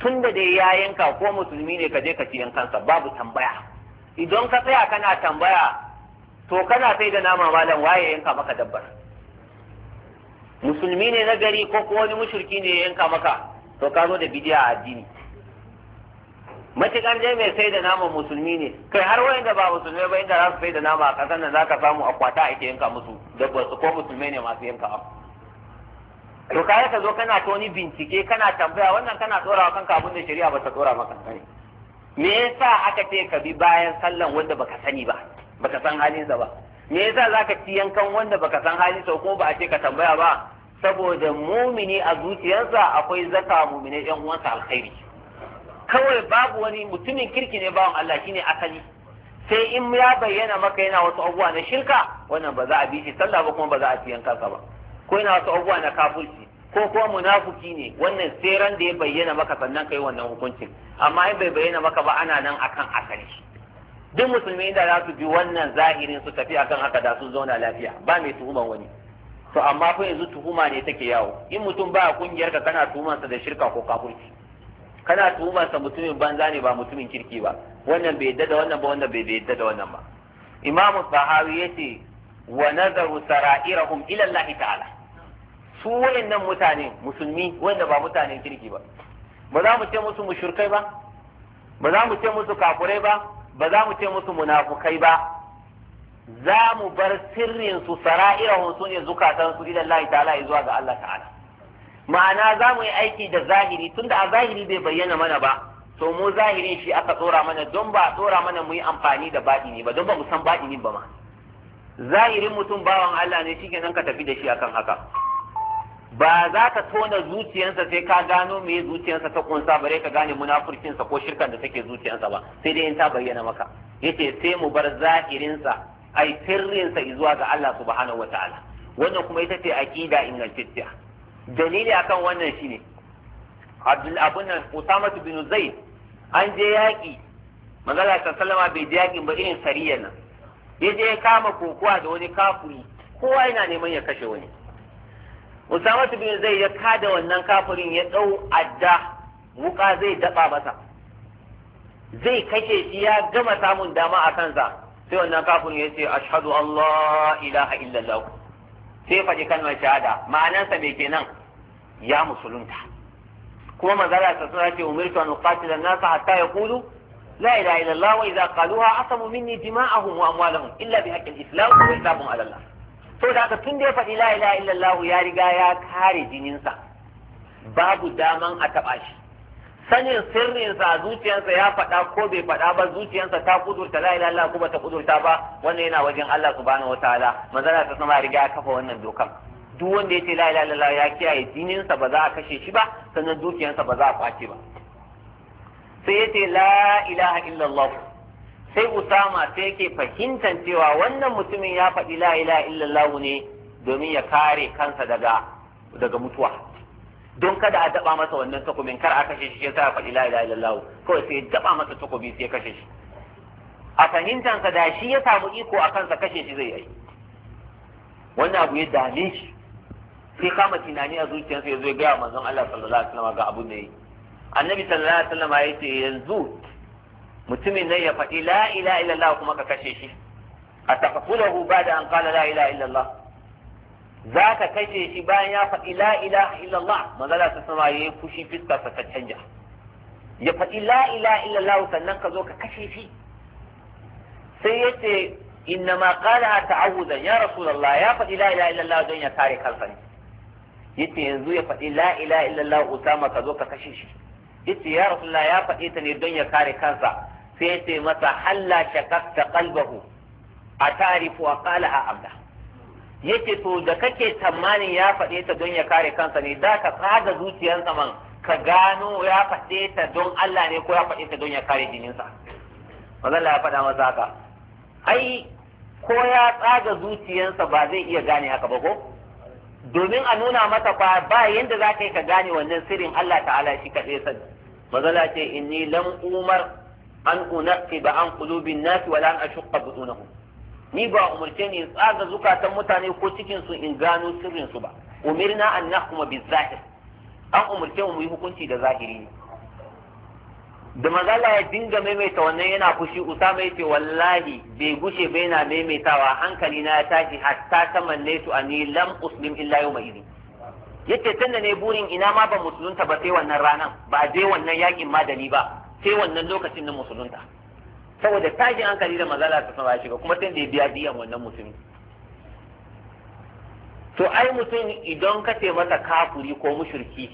tunda dai ya yanka ko musulmi ne ka je ka ci yankansa babu tambaya idan ka tsaya kana tambaya to kana sai da nama malam waye yanka maka dabbar musulmi ne na gari ko kuma wani mushriki ne yanka maka to ka zo da bidiya a addini Matikan dai mai sai da nama musulmi ne kai har wayan da ba musulmai ba inda za su sai da nama a kasan nan za ka samu akwata ake yanka musu dabbar su ko musulmai ne masu yanka abu to kaya ka zo kana ta wani bincike kana tambaya wannan kana tsorawa kanka abin da shari'a ba ta tsora maka kai me yasa aka ce ka bi bayan sallan wanda baka sani ba baka san halinsa ba me yasa zaka ci yankan wanda baka san halinsa ko ba a ce ka tambaya ba saboda mumini a zuciyarsa akwai zaka mumini yan uwansa alkhairi kawai babu wani mutumin kirki ne bawan Allah ne asali sai in ya bayyana maka yana wasu abubuwa na shirka wannan ba za a bi shi sallah ba kuma ba za a ci yankan ba ko yana wasu abubuwa na kafirci ko kuwa munafuki ne wannan sai da ya bayyana maka sannan kai wannan hukuncin amma in bai bayyana maka ba ana nan akan asali duk musulmi da za su bi wannan zahirin su tafi akan haka da sun zauna lafiya ba mai tuhuman wani to amma fa yanzu tuhuma ne take yawo in mutum ba kungiyar ka kana tuhuman sa da shirka ko kafirci kana tuhuman sa mutumin banza ne ba mutumin kirki ba wannan bai yadda da wannan ba wannan bai yadda da wannan ba imamu sahawi yace wa nazaru sara'irahum ila Allah ta'ala su wayannan mutane musulmi wanda ba mutanen kirki ba ba za mu ce musu mushurkai ba ba za mu ce musu kafurai ba ba za mu ce musu munafukai ba za mu bar sirrin su sara'irahun su ne zukatan su idan Allah ta'ala zuwa ga Allah ta'ala ma'ana za mu yi aiki da zahiri tunda a zahiri bai bayyana mana ba to mu zahirin shi aka tsora mana don ba tsora mana mu yi amfani da baɗini ba don ba mu san baɗinin ba ma zahirin mutum bawan Allah ne shi kenan ka tafi da shi akan haka ba za ka tona zuciyarsa sai ka gano me zuciyarsa ta kunsa bare ka gane munafurcinsa ko shirkan da take zuciyarsa ba sai dai in ta bayyana maka yace sai mu bar zahirinsa ai sirrinsa zuwa ga Allah subhanahu wataala wannan kuma ita ce aqida ingantacciya dalili akan wannan shine Abdul Abun nan Usama bin Zaid an je yaki manzala ta sallama bai je yakin ba irin sariyar nan ya je ya kama kokowa da wani kafuri kowa yana neman ya kashe wani usama bin zai ya kada wannan kafirin ya dau adda wuka zai daba masa zai kashe shi ya gama samun dama a kansa sai wannan kafirin ya ce ashhadu allah ilaha illallah sai faɗi kalmar shahada ma'anansa me kenan ya musulunta kuma manzala ta suna ce umirtu an uqatila an-nasa hatta yaqulu la ilaha illallah wa idza qaluha asamu minni dima'ahum wa amwaluhum illa bihaqqi al-islam wa hisabun ala allah So da haka tun da ya faɗi la ilaha ya riga ya kare jininsa babu daman a taɓa shi sanin sirrinsa a zuciyarsa ya faɗa ko bai faɗa ba zuciyarsa ta kudurta la ilaha illallah ko bata kudurta ba wannan yana wajen Allah subhanahu wataala manzala ta sama riga ya kafa wannan dokan duk wanda ya ce la ilaha illallah ya kiyaye jininsa ba za a kashe shi ba sannan zuciyarsa ba za a kwace ba sai ya ce la ilaha illallah sai usama sai yake fahimtar cewa wannan mutumin ya faɗi la ilaha illallah ne domin ya kare kansa daga daga mutuwa don kada a daba masa wannan takobin kar a kashe shi sai ya faɗi la ilaha illallah kawai sai ya daba masa takobi sai ya kashe shi a fahimtansa da shi ya samu iko a kansa kashe shi zai yi wannan abu ya dame shi sai kama tunani a zuciyarsa ya zo ya gaya manzon Allah sallallahu alaihi wasallam ga abun da yi annabi sallallahu alaihi wasallam ya ce yanzu mutumin nan ya faɗi la ilaha illallah kuma ka kashe shi a taqtulahu da an qala la ilaha illallah za ka kashe shi bayan ya faɗi la ilaha illallah manzala ta sama ya yi fushi fiska sa ta canja ya faɗi la ilaha illallah sannan ka zo ka kashe shi sai ya ce inna ma qala ta'awudan ya rasulullah ya faɗi la ilaha illallah don ya kare kansa ne yace yanzu ya faɗi la ilaha illallah usama ka zo ka kashe shi yace ya rasulullah ya faɗi ta ne don ya kare kansa sai ce masa halla shakakta kalbahu a tarifu kala a abda yake to da kake tsammanin ya faɗe ta don ya kare kansa ne za ka tsaga zuciyansa man ka gano ya faɗe ta don Allah ne ko ya faɗe ta don ya kare jininsa Allah ya faɗa masa haka ai ko ya tsaga zuciyarsa ba zai iya gane haka ba ko domin a nuna masa fa ba yanda za ka yi ka gane wannan sirrin Allah ta'ala shi kaɗai sani mazala ce inni lam umar an ba an kulubin nasi wala an ashuqqa butunahum ni ba umurce ni tsaga zukatan mutane ko cikin su in gano sirrin su ba umirna an nahkuma zahir. an umurce mu yi hukunci da zahiri da magana ya dinga maimaita wannan yana fushi usama yace wallahi bai gushe bai na maimaitawa hankali na ya tashi hatta su ani lam uslim illa yawma idin yace tunda ne burin ina ma ba musulunta ba sai wannan ranan ba dai wannan yakin ma da ni ba sai wannan lokacin na musulunta saboda tashin hankali da mazala ta sama shiga kuma sai da ya biya biyan wannan musulmi to ai mutum idan ka ce masa kafuri ko mushirki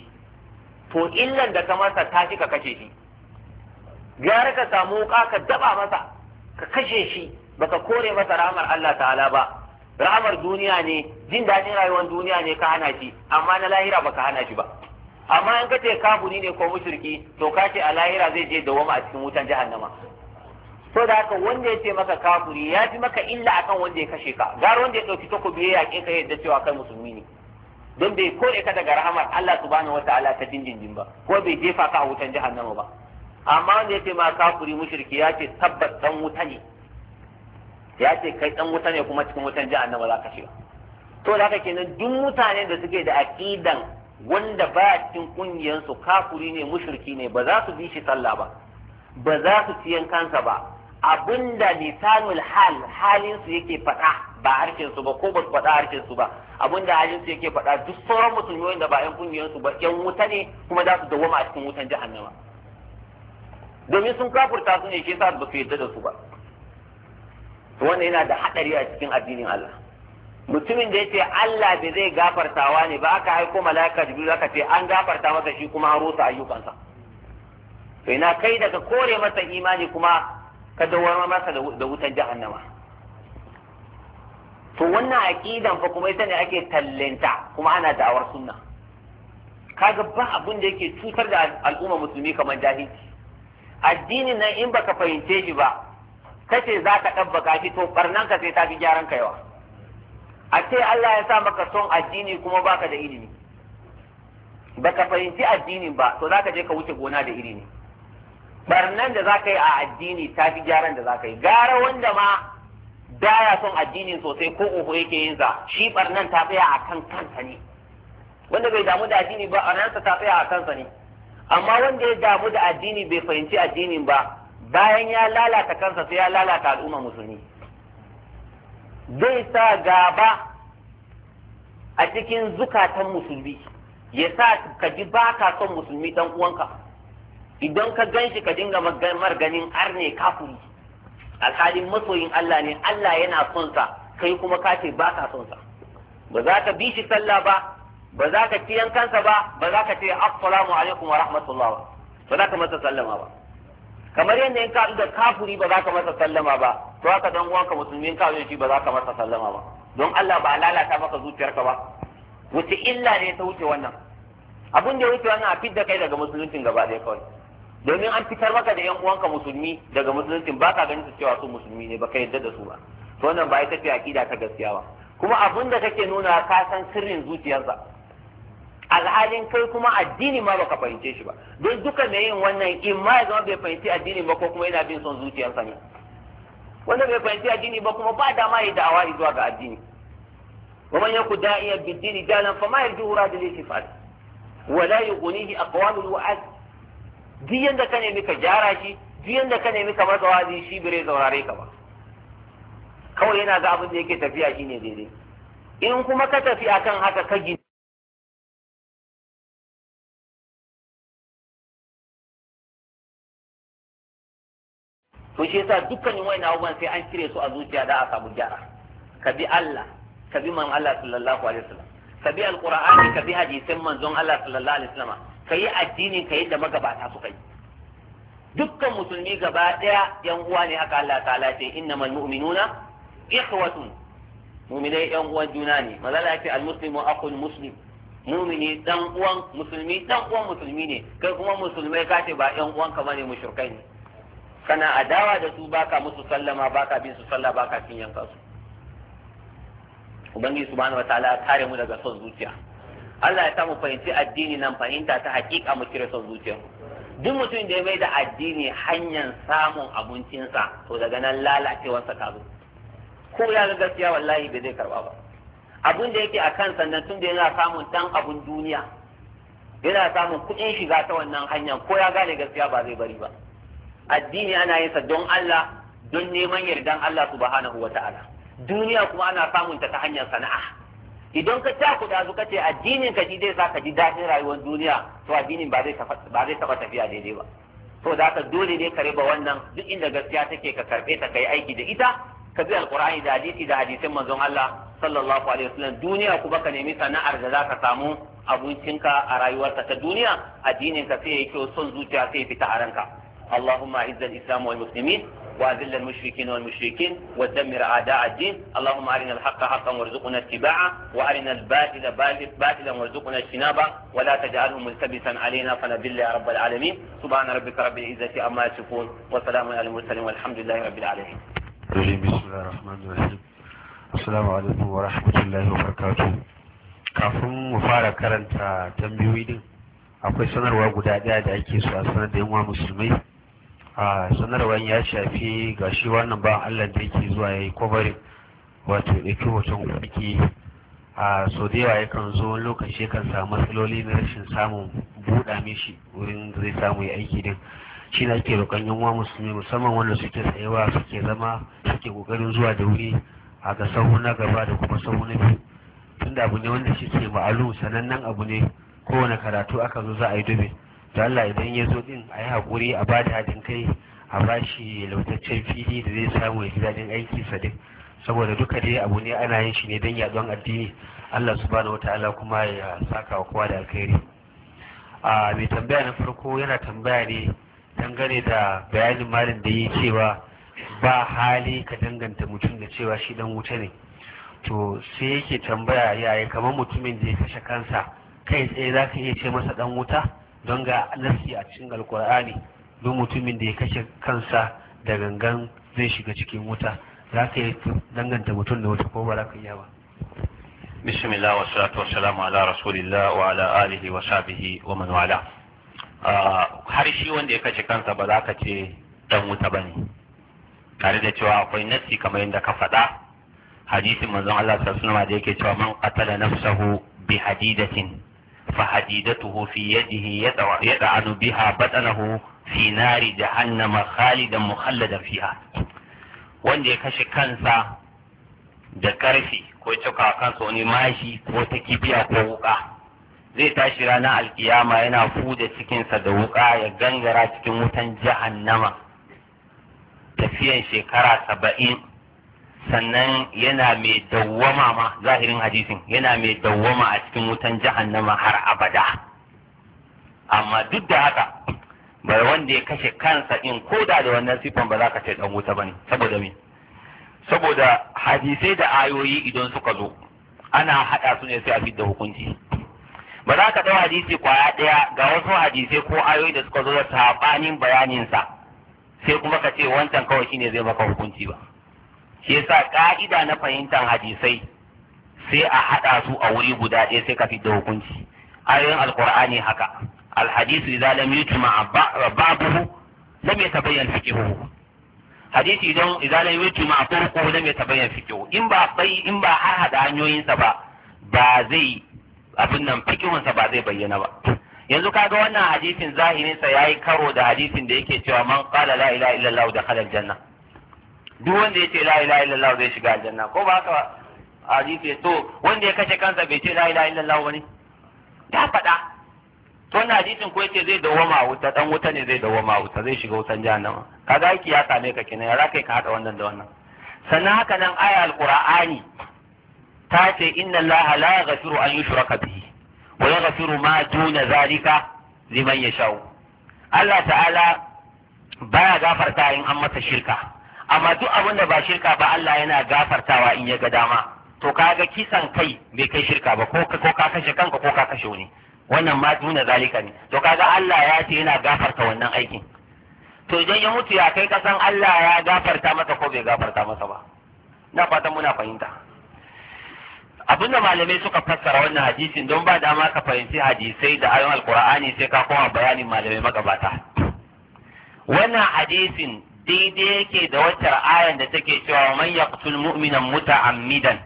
to illan da ka masa ta ka kashe shi gara ka samu wuka ka daba masa ka kashe shi baka kore masa ramar Allah ta'ala ba ramar duniya ne jin daɗin rayuwar duniya ne ka hana shi amma na lahira baka hana shi ba amma an ka ce kafuri ne ko mushriki to ka ce a lahira zai je dawama a cikin wutan jahannama to da haka wanda ya ce maka kafuri ya fi maka illa akan wanda ya kashe ka gar wanda ya dauki takobi ya yaƙe ka yadda cewa kai musulmi ne don bai kore ka daga rahamar Allah subhanahu wataala ta dindindin ba ko bai jefa ka a wutan jahannama ba amma wanda ya ce ma kafuri mushriki ya ce tabbas dan wuta ne ya ce kai dan wuta ne kuma cikin wutan jahannama za ka shiga to da haka kenan duk mutanen da suke da aqidan wanda ba cikin ƙungiyarsu kafuri ne mushriki ne ba za su bi shi sallah ba ba za su ciyan kansa ba abinda lisanul hal halin su yake faɗa ba harshen su ba ko ba su faɗa harshen su ba abinda halin su yake faɗa duk sauran musulmi da ba yan ƙungiyar su ba yan wuta ne kuma za su dawo a cikin wutan jahannama domin sun kafurta su ne shi yasa ba su yadda da su ba wannan yana da haɗari a cikin addinin Allah mutumin da ce Allah bai zai gafartawa ne ba aka haiko malaika biyu aka ce an gafarta masa shi kuma an rusa ayyukansa to ina kai daga kore masa imani kuma ka dawar masa da wutan jahannama to wannan aqidan fa kuma ita ne ake tallenta kuma ana da'awar sunna kaga ba abin da yake cutar da al'umma musulmi kamar jahilci addinin nan in baka fahimce shi ba kace za dabbaka shi to barnan ka sai ta fi gyaran ka yawa a ce Allah ya sa maka son addini kuma baka da ilimi baka fahimci addinin ba to zaka je ka wuce gona da ilimi barnan da zaka yi a addini ta fi gyaran da zaka yi gara wanda ma baya son addinin sosai ko oho yake yin za shi barnan ta tsaya a kan kansa ne wanda bai damu da addini ba barnansa ta tsaya a kansa ne amma wanda ya damu da addini bai fahimci addinin ba bayan ya lalata kansa sai ya lalata al'umma musulmi zai sa gaba a cikin zukatan musulmi ya sa ka ji ba ka son musulmi dan uwanka idan ka gan shi ka dinga magamar ganin arne kafuri alhalin masoyin Allah ne Allah yana son sa kai kuma ka ce ba ka son sa ba za ka bi shi sallah ba ba za ka ci yankansa ba ba za ka ce assalamu alaikum wa rahmatullah ba ba za ka masa sallama ba kamar yadda in ka da kafuri ba za ka masa sallama ba to haka dan uwanka musulmin ka zai shi ba za ka masa sallama ba don Allah ba lalata maka zuciyarka ba wuce illa ne ta wuce wannan abun da wuce wannan a fidda kai daga musuluncin gaba da kawai domin an fitar maka da yan uwanka musulmi daga musuluncin ba ka ganin su cewa su musulmi ne ba ka yadda da su ba to wannan ba ita ce aqida ta gaskiya ba kuma abun da kake nuna ka san sirrin zuciyarsa alhalin kai kuma addini ma baka fahimce shi ba don duka mai yin wannan in ma ya zama bai fahimci addini ba ko kuma yana bin son zuciyarsa ne wanda bai fahimci addini ba kuma ba dama ya da'awa zuwa ga addini wa man yaku iya bid-dini jalan fa ma yarjuhu radil istifal wa la yughnihi aqwalul wa'ad duk yanda ka nemi ka gyara shi duk yanda ka nemi ka masa wazi shi bire zaurare ka ba kawai yana ga abin da yake tafiya shine daidai in kuma ka tafi akan haka ka gina to shi yasa dukkanin wayannan abubuwan sai an cire su a zuciya da a samu gyara ka bi Allah ka bi man Allah sallallahu alaihi wasallam ka bi alqur'ani ka bi hadisin manzon Allah sallallahu alaihi wasallam ka yi addinin ka yadda magabata suka yi dukkan musulmi gaba daya yan uwa ne haka Allah ta'ala ce innamal mu'minuna ikhwatun mu'minai yan uwan juna ne mazala ce almuslimu akhul muslim mumini dan uwan musulmi dan uwan musulmi ne kai kuma musulmai ka ce ba yan uwan uwanka bane mushrikai ne kana adawa da su baka musu sallama baka bin su sallah baka kin yanka su ubangiji subhanahu wataala kare mu daga son zuciya Allah ya samu fahimci addini nan fahimta ta hakika mu kire son zuciya duk mutum da ya mai da addini hanyar samun abincinsa to daga nan lalacewarsa ta zo ko ya ga gaskiya wallahi bai zai karba ba abin da yake a kan sannan tun da yana samun dan abun duniya yana samun kuɗin shiga ta wannan hanyar ko ya gane gaskiya ba zai bari ba addini ana yin sa don Allah don neman yardan Allah subhanahu wa duniya kuma ana samun ta ta hanyar sana'a idan ka ta kuɗa zuka ce addinin ka shi zai ka ji daɗin rayuwar duniya to addinin ba zai taɓa tafiya daidai ba to da haka dole ne ka riba wannan duk inda gaskiya take ka karɓe ta kai aiki da ita ka bi alqur'ani da hadisi da hadisin manzon Allah sallallahu alaihi wasallam duniya kuma ka nemi sana'ar da zaka samu abincinka a rayuwarka ta duniya addinin ka sai ya kyau son zuciya sai fita a ranka اللهم اعز الاسلام والمسلمين واذل المشركين والمشركين ودمر اعداء الدين اللهم ارنا الحق حقا وارزقنا اتباعه وارنا الباطل باطلا وارزقنا اجتنابه ولا تجعله ملتبسا علينا فنذل يا رب العالمين سبحان ربك رب العزه عما يصفون وسلام على المرسلين والحمد لله رب العالمين بسم الله الرحمن الرحيم السلام عليكم ورحمه الله وبركاته kafin mu fara karanta tambayoyi din akwai sanarwa guda daya da ake so a sanar da yan musulmai a sanarwar ya shafi ga shi wannan ba allah da yake zuwa ya yi kwabarin wato ɗauki hoton kuɗi a so da yawa yakan zo lokaci kan samu matsaloli na rashin samun buɗa mishi wurin da zai samu ya aiki din shi na ke roƙon yunwa musulmi musamman wanda suke tsayewa suke zama suke ƙoƙarin zuwa da wuri a ga sahu na gaba da kuma sahu na biyu tunda abu ne wanda shi ke ma'alu sanannen abu ne kowane karatu aka zo za a yi dubi. to Allah idan ya zo din a yi hakuri a ba da haɗin kai a ba shi lautaccen fili da zai samu ya ji daɗin aiki sadin saboda duka dai abu ne ana yin shi ne don yaɗuwan addini Allah subhanahu wataala kuma ya saka wa kowa da alkhairi a mai tambaya na farko yana tambaya ne dangane da bayanin malin da yi cewa ba hali ka danganta mutum da cewa shi dan wuta ne to sai yake tambaya yaya kamar mutumin da ya kashe kansa kai tsaye za ka iya ce masa dan wuta don ga nasi a cikin alkur'ani duk mutumin da ya kashe kansa da gangan zai shiga cikin wuta za ka yi danganta mutum da wuta, ko ba za ka yi ba bismillah wa salatu wa salamu ala rasulillah wa ala alihi wa sabihi wa man wala ah, har shi wanda ya kashe kansa ba za ka ce dan wuta ba ne. tare da cewa akwai nasi kamar yadda ka faɗa hadisin manzon Allah sallallahu alaihi wasallam da yake cewa man katala nafsahu bi hadidatin فحديدته في يده يطعن بها بطنه في نار جهنم خالدا مخلدا فيها wanda ya kashe kansa da ƙarfi ko cika kansa wani mashi ko ta kibiya ko wuka zai tashi ranar alkiyama yana fuda cikinsa da wuka ya gangara cikin wutan jahannama tafiyan shekara saba'in sannan yana mai dawwama ma zahirin hadisin yana mai dawwama a cikin wutan jahannama har abada amma duk da haka bai wanda ya kashe kansa in koda da wannan sifan ba za ka ce dan wuta bane saboda me saboda hadisai da ayoyi idan suka zo ana haɗa su ne sai a fidda hukunci ba za ka ɗau hadisi kwaya ɗaya ga wasu hadisai ko ayoyi da suka zo da sabanin bayaninsa sai kuma ka ce wancan kawai shine zai maka hukunci ba shi yasa ka'ida na fahimtar hadisai sai a haɗa su a wuri guda ɗaya sai ka fi da hukunci ayoyin alkur'ani haka alhadisu idza lam yujma babuhu lam yatabayyan fiqhuhu hadisi idan idza lam yujma turquhu lam yatabayyan fiqhuhu in ba bai in ba har hada hanyoyin sa ba ba zai abin nan fiqhun sa ba zai bayyana ba yanzu kaga wannan hadisin zahirin sa yayi karo da hadisin da yake cewa man qala la ilaha illallah dakhala aljanna duk wanda ya ce la ilaha illallah zai shiga aljanna ko ba haka ba hadisi to wanda ya kashe kansa bai ce la ilaha illallah ne? ta faɗa to wannan hadisin ko yace zai dawoma wuta dan wuta ne zai dawoma wuta zai shiga wutan jahannama kaga yake ya same ka kenan ya kai ka hada wannan da wannan sannan haka nan aya alqur'ani ta ce inna allaha la yaghfiru an yushraka bihi wa yaghfiru ma duna zalika liman yashau Allah ta'ala baya gafarta in an masa shirka amma duk abin da ba shirka ba Allah yana gafartawa in ya ga dama to kaga kisan kai bai kai shirka ba ko ko ka kashe kanka ko ka kashe wani wannan ma duna zalika ne to kaga Allah ya ce yana gafarta wannan aikin to idan ya mutu ya kai ka san Allah ya gafarta masa ko bai gafarta masa ba na fatan muna fahimta abin da malamai suka fassara wannan hadisin don ba dama ka fahimci hadisai da ayon alkur'ani sai ka koma bayanin malamai magabata wannan hadisin daidai yake da waccar ayan da take cewa man yaqtul mu'mina muta'ammidan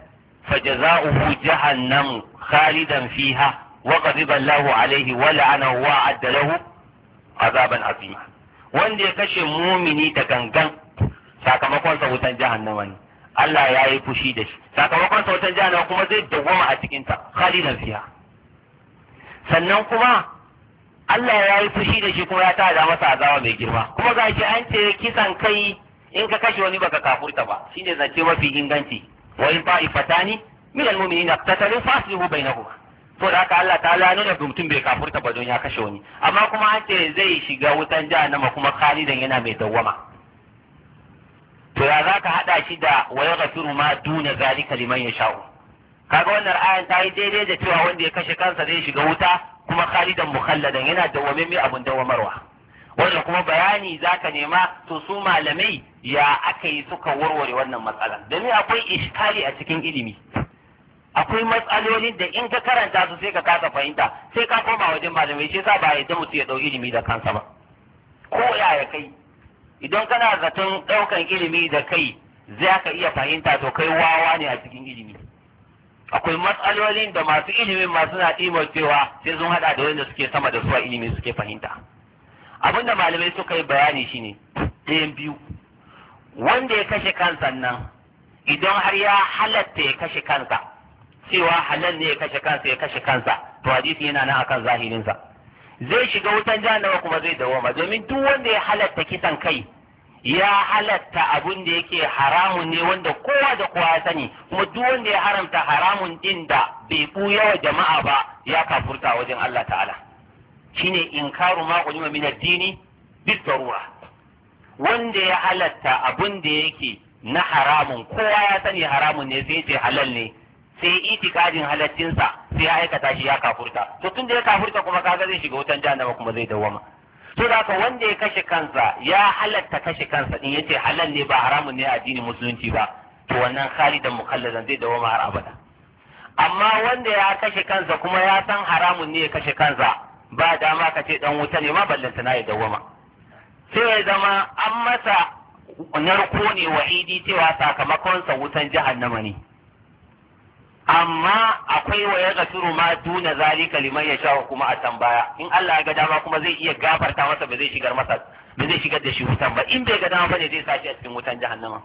fajaza'uhu jahannam khalidan fiha wa ghadiba Allahu alaihi wa la'anahu wa adda lahu azaban azima wanda ya kashe mumini da gangan sakamakon sa wutan jahannama ne Allah ya yi fushi da shi sakamakon sa wutan jahannama kuma zai dawwama a cikin ta khalidan fiha sannan kuma Allah ya yi fushi da shi kuma ya da masa azaba mai girma kuma gashi an ce kisan kai in ka kashe wani baka kafurta ba shine zance mafi inganci wa in ni? min almu'minina qatalu faslihu bainahuma to da haka Allah ta'ala nuna mutum bai kafurta ba don ya kashe wani amma kuma an ce zai shiga wutan jahannama kuma khalidan yana mai dawwama to ya zaka hada shi da wa yaghfiru ma duna zalika liman yasha'u kaga wannan ayan ta yi daidai da cewa wanda ya kashe kansa zai shiga wuta kuma khalidan mukhalladan yana dawwamin mai abun dawamarwa wannan kuma bayani zaka nema to su malamai ya aka yi suka warware wannan matsala domin akwai iskali a cikin ilimi akwai matsaloli da in ka karanta su sai ka kasa fahimta sai ka koma wajen malamai shi yasa ba yadda mutu ya dau ilimi da kansa ba ko ya kai idan kana zaton daukan ilimi da kai zai ka iya fahimta to kai wawa ne a cikin ilimi akwai matsalolin da masu ilimin masu na cewa sai sun hada da wanda suke sama da suwa ilimi suke fahimta abin da malamai suka yi bayani shine ɗayan biyu wanda ya kashe kansa nan idan har ya halatta ya kashe kansa cewa halal ne ya kashe kansa ya kashe kansa to hadisi yana nan akan zahirinsa zai shiga wutan jahannama kuma zai dawoma domin duk wanda ya halatta kisan kai ya halatta abun da yake haramun ne wanda kowa da kowa ya sani kuma duk wanda ya haramta haramun din da bai buya wa jama'a ba ya kafurta wajen Allah ta'ala shine inkaru ma ulima min addini bi darura wanda ya halatta abun da yake na haramun kowa ya sani haramun ne sai ce halal ne sai itikadin halaccinsa sai ya aikata shi ya kafurta to tun da ya kafurta kuma kaga zai shiga wutan jahannama kuma zai dawwama to da ka wanda ya kashe kansa ya halatta kashe kansa din yace halal ne ba haramun ne a addinin musulunci ba to wannan khalidan mukalladan zai dawo har abada amma wanda ya kashe kansa kuma ya san haramun ne ya kashe kansa ba dama ka ce dan wuta ne ma ballanta na ya ma. sai ya zama an masa narko ne wa'idi cewa sakamakonsa wutan jahannama ne amma akwai wa ya gafiru ma duna zalika liman ya shawo kuma a tambaya. in Allah ya ga dama kuma zai iya gafarta masa ba zai shigar masa ba zai shigar da shi wutan ba in bai ga dama bane zai sashi a cikin wutan jahannama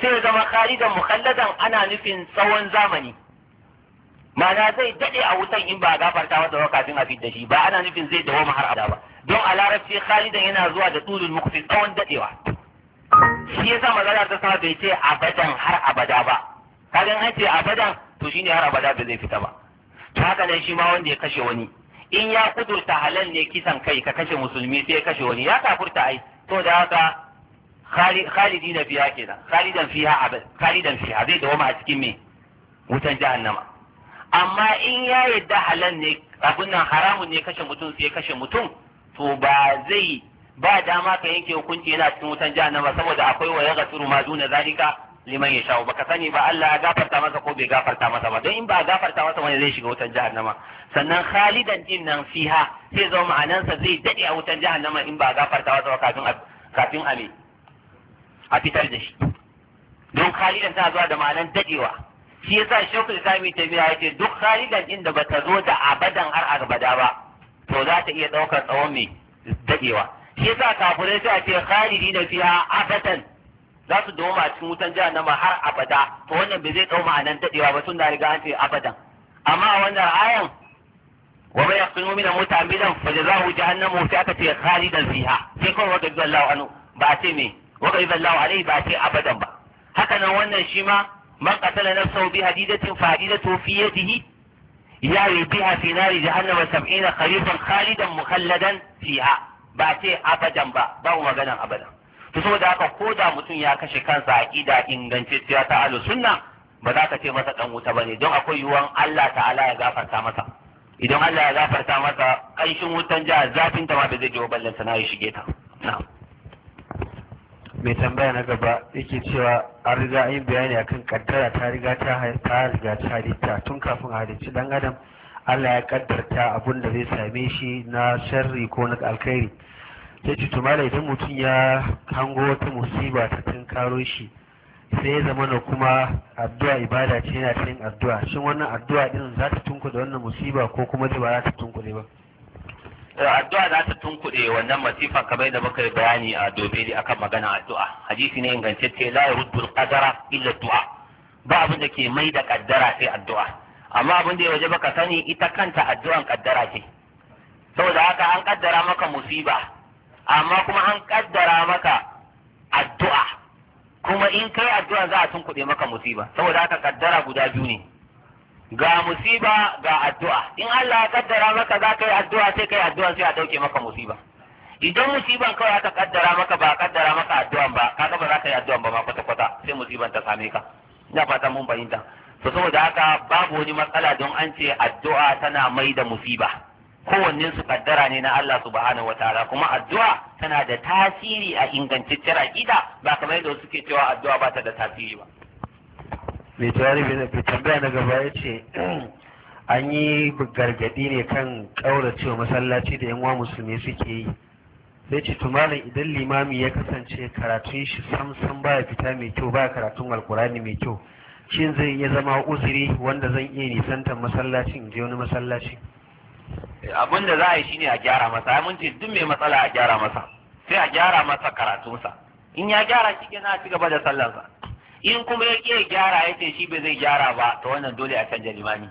sai ya zama khalidan mukhalladan ana nufin tsawon zamani ma'ana zai dade a wutan in ba gafarta masa ba kafin a fidda shi ba ana nufin zai dawo har abada ba don a larabci khalidan yana zuwa da tulul mukfi tsawon dadewa shi yasa magana ta sa bai ce abadan har abada ba kadan ake ce abadan to shi ne har abada da zai fita ba to haka nan shi ma wanda ya kashe wani in ya kudurta halal ne kisan kai ka kashe musulmi sai ya kashe wani ya kafurta ai to da haka khalidina biya kenan khalidan fiha abad khalidan fiha zai dawama a cikin me wutan jahannama amma in ya yadda halal ne abin nan haramun ne kashe mutum sai kashe mutum to ba zai ba dama ka yanke hukunci yana cikin wutan jahannama saboda akwai wa yaghfiru ma duna zalika liman ya shawo baka sani ba Allah ya gafarta masa ko bai gafarta masa ba don in ba gafarta masa wani zai shiga wutan jahannama sannan khalidan din nan fiha sai zo ma'anansa zai dade a wutan jahannama in ba gafarta masa ba kafin kafin a me a fitar da shi don khalidan ta zuwa da ma'anan dadewa shi yasa shekul islami ta biya yake duk khalidan din da bata zo da abadan har abada ba to za ta iya daukar tsawon me dadewa shi yasa kafirai sai a ce da fiha abadan za su dawoma a cikin wutan jahannama har abada to wannan bai zai dau ma'anan dadewa ba tunda riga an ce abadan amma a wannan ayan wa bai yaqinu min mutamidan fa jazahu jahannamu fi akati khalidan fiha sai kawai waka zallahu anhu ba ce me waka zallahu alaihi ba ce abadan ba haka nan wannan shi ma man qatala nafsahu bi hadidatin fa hadidatu fi yadihi yawi biha fi nari jahannama 70 khalifan khalidan mukhalladan fiha ba a ce abadan ba ba mu maganan abadan to saboda haka ko da mutum ya kashe kansa aqida ingantacciya ta ahlus sunna ba za ka ce masa dan wuta ne don akwai yuwan Allah ta'ala ya gafarta masa idan Allah ya gafarta masa kanshin wutan jihar zafin ta ma da zai je ballan sana ya shige ta mai tambaya na gaba yake cewa an riga yin bayani akan kaddara ta riga ta halitta tun kafin halicci dan adam Allah ya kaddarta abun da zai same shi na sharri ko na alkhairi ya ce mala idan mutum ya hango wata musiba ta tunkaro shi sai ya zama na kuma addu'a ibada ce yana cikin addu'a shin wannan addu'a din za ta tunkuɗe wannan musiba ko kuma ba za ta tunkuɗe ba eh, addu'a za ta tunkuɗe wannan masifa kamar da muka yi bayani a dobe da akan magana addu'a hadisi ne ingantacce la yuddul qadara illa du'a ba abin da ke mai da kaddara sai addu'a amma abin da ya waje baka sani ita kanta addu'an kaddara ce saboda haka an kaddara maka musiba amma kuma an kaddara maka addu'a kuma in kai addu'a za a kuɗe maka musiba saboda haka kaddara guda biyu ne ga musiba ga addu'a in Allah ya kaddara maka za ka yi addu'a sai kai addu'a sai a dauke maka musiba idan musiban kawai aka kaddara maka ba kaddara maka addu'an ba ga ba za ka yi addu'an ba ma kwata kwata sai musiban ta same ka ina fata mun fahimta to saboda haka babu wani matsala don an ce addu'a tana mai da musiba kowannen su kaddara ne na Allah subhanahu ta'ala kuma addu'a tana da tasiri a ingantacciyar aqida ba kamar yadda suke cewa addu'a ba ta da tasiri ba mai tawari bai tambaya na gaba yace ce an yi gargadi ne kan ƙauracewa masallaci da yanwa musulmi suke yi sai ce tumalin idan limami ya kasance karatun shi samsam baya fita mai kyau ba karatun alkurani mai kyau shin zai iya zama uzuri wanda zan iya nisantar masallacin je wani masallaci abin da za a yi shine a gyara masa mun ce duk mai matsala a gyara masa sai a gyara masa karatunsa in ya gyara shi kenan a ci gaba da sallarsa in kuma ya ke gyara ya ce shi bai zai gyara ba ta wannan dole a canja limami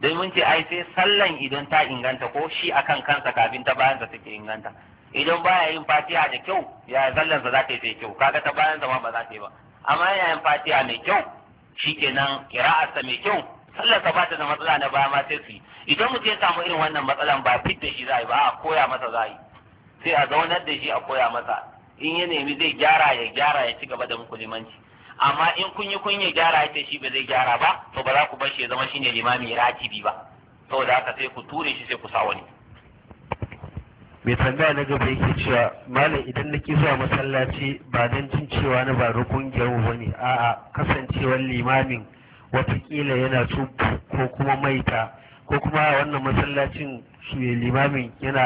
don mun ce ai sai sallan idan ta inganta ko shi akan kansa kafin ta bayansa take inganta idan baya yin fatiha da kyau ya sallansa za ta yi sai kyau kaga ta bayansa ma ba za ta yi ba amma yana yin fatiha mai kyau shikenan kira'arsa mai kyau sallar ka ba ta da matsala na baya ma sai su yi idan mutum ya samu irin wannan matsalan ba fit da shi za ba a koya masa za yi sai a zaunar da shi a koya masa in ya nemi zai gyara ya gyara ya ci gaba da muku limanci amma in kun yi kun ya gyara ya ce shi ba zai gyara ba to ba za ku bar shi ya zama shine limami ratibi ba saboda haka sai ku ture shi sai ku sa wani mai tambaya na gaba yake cewa malam idan na ki zuwa masallaci ba don jin cewa na ba rukun gyaru ba ne a'a kasancewar limamin watakila yana tsubu ko kuma maita ko kuma wannan masallacin su limamin yana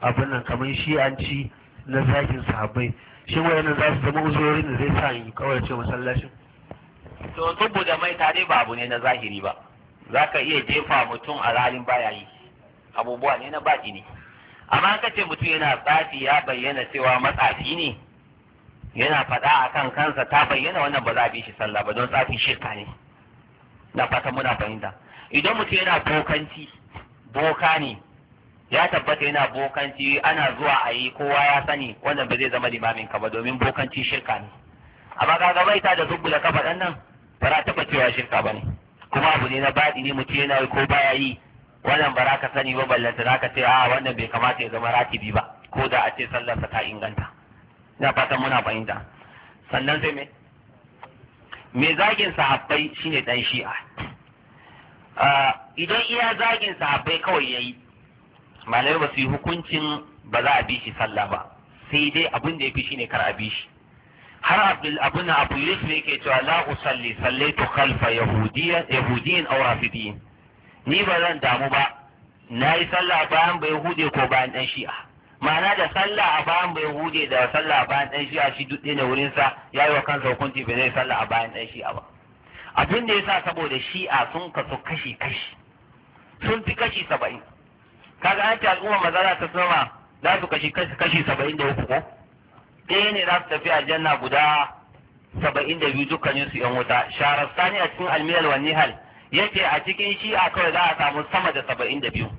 abin nan kamar shi an ci na zakin sahabbai shi wayannan za su zama uzurorin da zai sa in ce masallacin to tubu da maita dai ba abu ne na zahiri ba za ka iya jefa mutum a halin baya yi abubuwa ne na baki ne amma ka ce mutum yana tsafi ya bayyana cewa matsafi ne yana faɗa a kan kansa ta bayyana wannan ba za a bi shi sallah ba don tsafi shirka ne na fatan muna fahimta idan mutum yana bokanci boka ne ya tabbata yana bokanci ana zuwa a yi kowa ya sani wannan ba zai zama limamin ka ba domin bokanci shirka ne amma ga gaba ita da zubbu da kafa dan nan ba za ta cewa shirka ba ne kuma abu ne na baɗi ne mutum yana yi ko baya yi wannan ba za ka sani ba ballanta za ka ce a ah, wannan bai kamata ya zama ratibi ba ko da a ce sallarsa ta inganta ina fatan muna fahimta sannan sai me mai zagin sahabbai shine dan shi'a ah, idan iya zagin sahabbai kawai yayi malamai ba su yi hukuncin ba za a bi shi sallah ba sai dai abin da ya fi shine kar a bi shi har abdul abun abu yusuf ne ke cewa la usalli sallaitu khalfa yahudiyya yahudiyyin aw rafidiyyin ni ba zan damu ba nayi sallah bayan ba yahude ko bayan dan shi'a ma'ana da sallah a bayan bai hude da sallah a bayan ɗan shi'a shi duk ne wurinsa ya yi wa kansa hukunci bai zai sallah a bayan ɗan shi'a ba abin da ya sa saboda shi'a sun kasu kashi kashi sun fi kashi saba'in kaga an ce al'umma za ta sama za su kashi kashi saba'in da uku ko ɗaya ne za su tafi a guda saba'in da biyu dukkanin su yan wuta sharastani a cikin almiyal wa nihal ce a cikin shi'a kawai za a samu sama da saba'in da biyu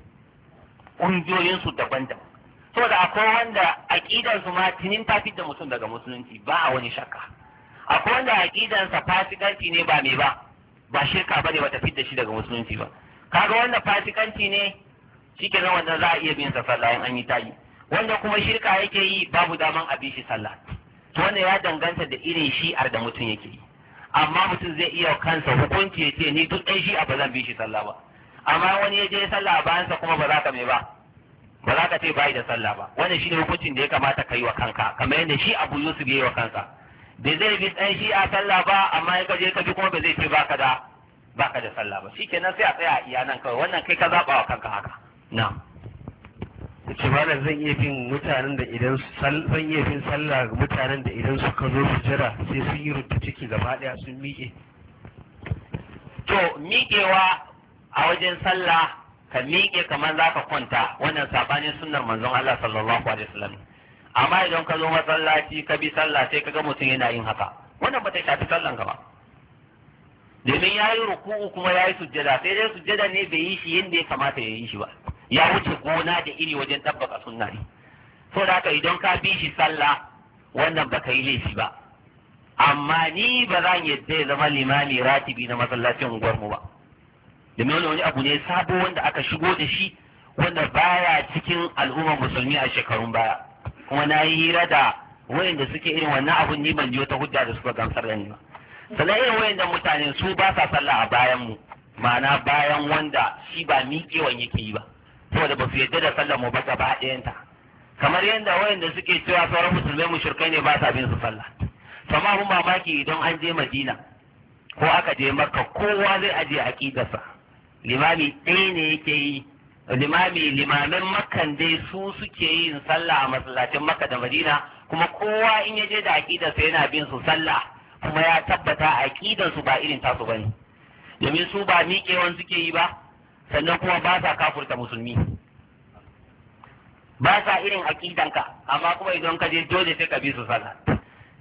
ƙungiyoyinsu daban-daban saboda akwai wanda aƙidar su ma tinin ta da mutum daga musulunci ba a wani shakka akwai wanda aƙidar sa fasikanci ne ba me ba ba shirka bane ba ta da shi daga musulunci ba kaga wanda fasikanci ne shikenan wanda za a iya bin sa sallah in an yi tayi wanda kuma shirka yake yi babu daman a bi shi sallah to wanda ya danganta da irin shi'ar da mutum yake yi amma mutum zai iya kansa hukunci ya ce ni duk ɗan shi'a ba zan bi shi sallah ba amma wani ya je sallah a bayansa kuma ba za ka mai ba ba za ka ce bai da sallah ba wannan shine hukuncin da ya kamata ka yi wa kanka kamar yadda shi Abu Yusuf ya yi wa kansa bai zai bi tsayin shi a sallah ba amma in ka je ka bi kuma ba zai ce baka da baka da sallah ba shikenan sai a tsaya a iya nan kawai wannan kai ka zaba wa kanka haka na'am ce malam zan iya bin mutanen da idan zan iya bin sallah ga mutanen da idan suka zo su jira sai sun yi rubuta ciki gaba daya sun miƙe to miƙewa a wajen sallah ka miƙe kamar za ka kwanta wannan sabanin sunnar manzon Allah sallallahu alaihi wasallam amma idan ka zo masallaci ka bi sallah sai ka ga mutum yana yin haka wannan ba ta shafi sallan ka ba domin ya yi ruku'u kuma ya yi sujjada sai dai sujjada ne bai yi shi yadda ya kamata ya yi shi ba ya wuce gona da iri wajen ɗabbaka sunna ne so da haka idan ka bi shi sallah wannan baka yi laifi ba amma ni ba zan yadda ya zama limami ratibi na masallacin unguwarmu ba limani wani abu ne sabo wanda aka shigo da shi wanda baya cikin al'ummar musulmi a shekarun baya kuma na yi hira da wayanda suke irin wannan abun ni ban ji hujja da suka gamsar da ni ba sannan irin wayannan mutane su ba sa sallah a bayan mu ma'ana bayan wanda shi ba miƙewan yake yi ba saboda ba su yadda da sallar mu ba gaba ɗayanta kamar yadda wayanda suke cewa sauran musulmai mushrikai ne ba sa bin su sallah to amma mamaki idan an je Madina ko aka je Makka kowa zai aje sa. limami ɗaya ne yake yi limami limamin makan dai su suke yin sallah a masallacin maka da madina kuma kowa in ya je da aƙidar sa yana bin su sallah kuma ya tabbata aƙidar su ba irin tasu bane domin su ba miƙewan suke yi ba sannan kuma ba sa kafurta musulmi ba sa irin ka amma kuma idan ka je dole sai ka bi su sallah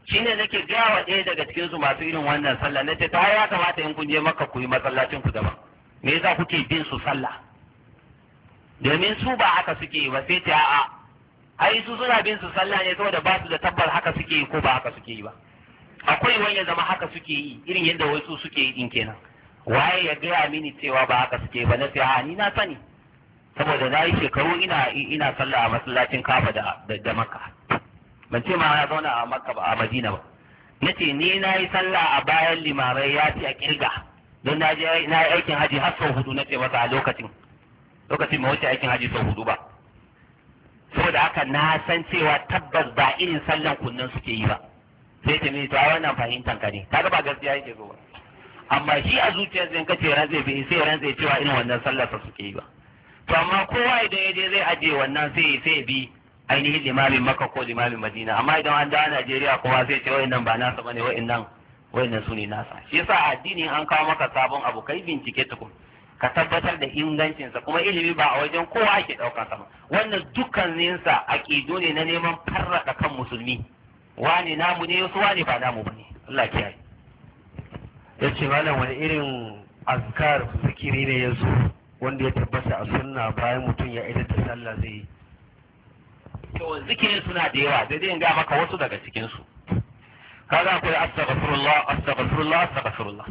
shi ne nake gawa wa ɗaya daga cikinsu masu irin wannan sallah na ce ta ya kamata in kun je maka ku yi masallacin ku daban me yasa kuke bin su sallah domin su ba haka suke ba sai ta a'a ai su suna bin su sallah ne saboda ba su da tabbar haka suke yi ko ba haka suke yi ba akwai wani ya zama haka suke yi irin yadda wasu suke yi din kenan waye ya gaya mini cewa ba haka suke ba na sai a ni na sani saboda na yi shekaru ina ina sallah a masallacin kafa da da makka ban ce ma na zauna a makka ba a madina ba na ce ni na yi sallah a bayan limamai ya ce a kirga don na je na yi aikin haji har sau hudu na ce masa a lokacin lokacin ba wuce aikin haji sau hudu ba saboda haka na san cewa tabbas ba irin sallan kunnan suke yi ba sai ta mini to a wannan fahimtan ka ne kaga ba gaskiya yake zo ba amma shi a zuciyar zai kace ran zai bi sai ran zai cewa irin wannan sallar sa suke yi ba to amma kowa idan ya je zai aje wannan sai sai bi ainihin limamin Makka ko limamin Madina amma idan an dawo Najeriya kowa sai ce nan ba nasa bane nan. wayannan su ne nasa shi yasa addini an kawo maka sabon abu kai bincike tukun ka tabbatar da ingancinsa kuma ilimi ba a wajen kowa ake ɗauka sama wannan dukkaninsa aƙidu ne na neman farraɗa kan musulmi wani namu ne wasu wani ba namu bane Allah kiyaye ya ce malam wani irin azkar zikiri ne ya zo wanda ya tabbata a sunna bayan mutum ya idar da sallah zai yi to zikirin suna da yawa da zai ga maka wasu daga cikinsu. kaga akwai astaghfirullah astaghfirullah astaghfirullah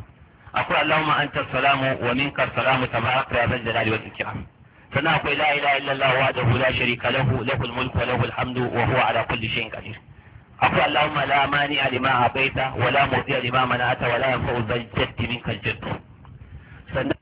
akwai allahumma anta salamu wa minka salamu tabarakta ya zal jalali wal ikram sannan akwai la ilaha illallah wahdahu la sharika lahu lahul mulku wa lahul hamdu wa huwa ala kulli shay'in qadir akwai allahumma la mani'a lima abaita wa la mudi'a lima mana'ata wa la yanfa'u dhal jaddi minka al sannan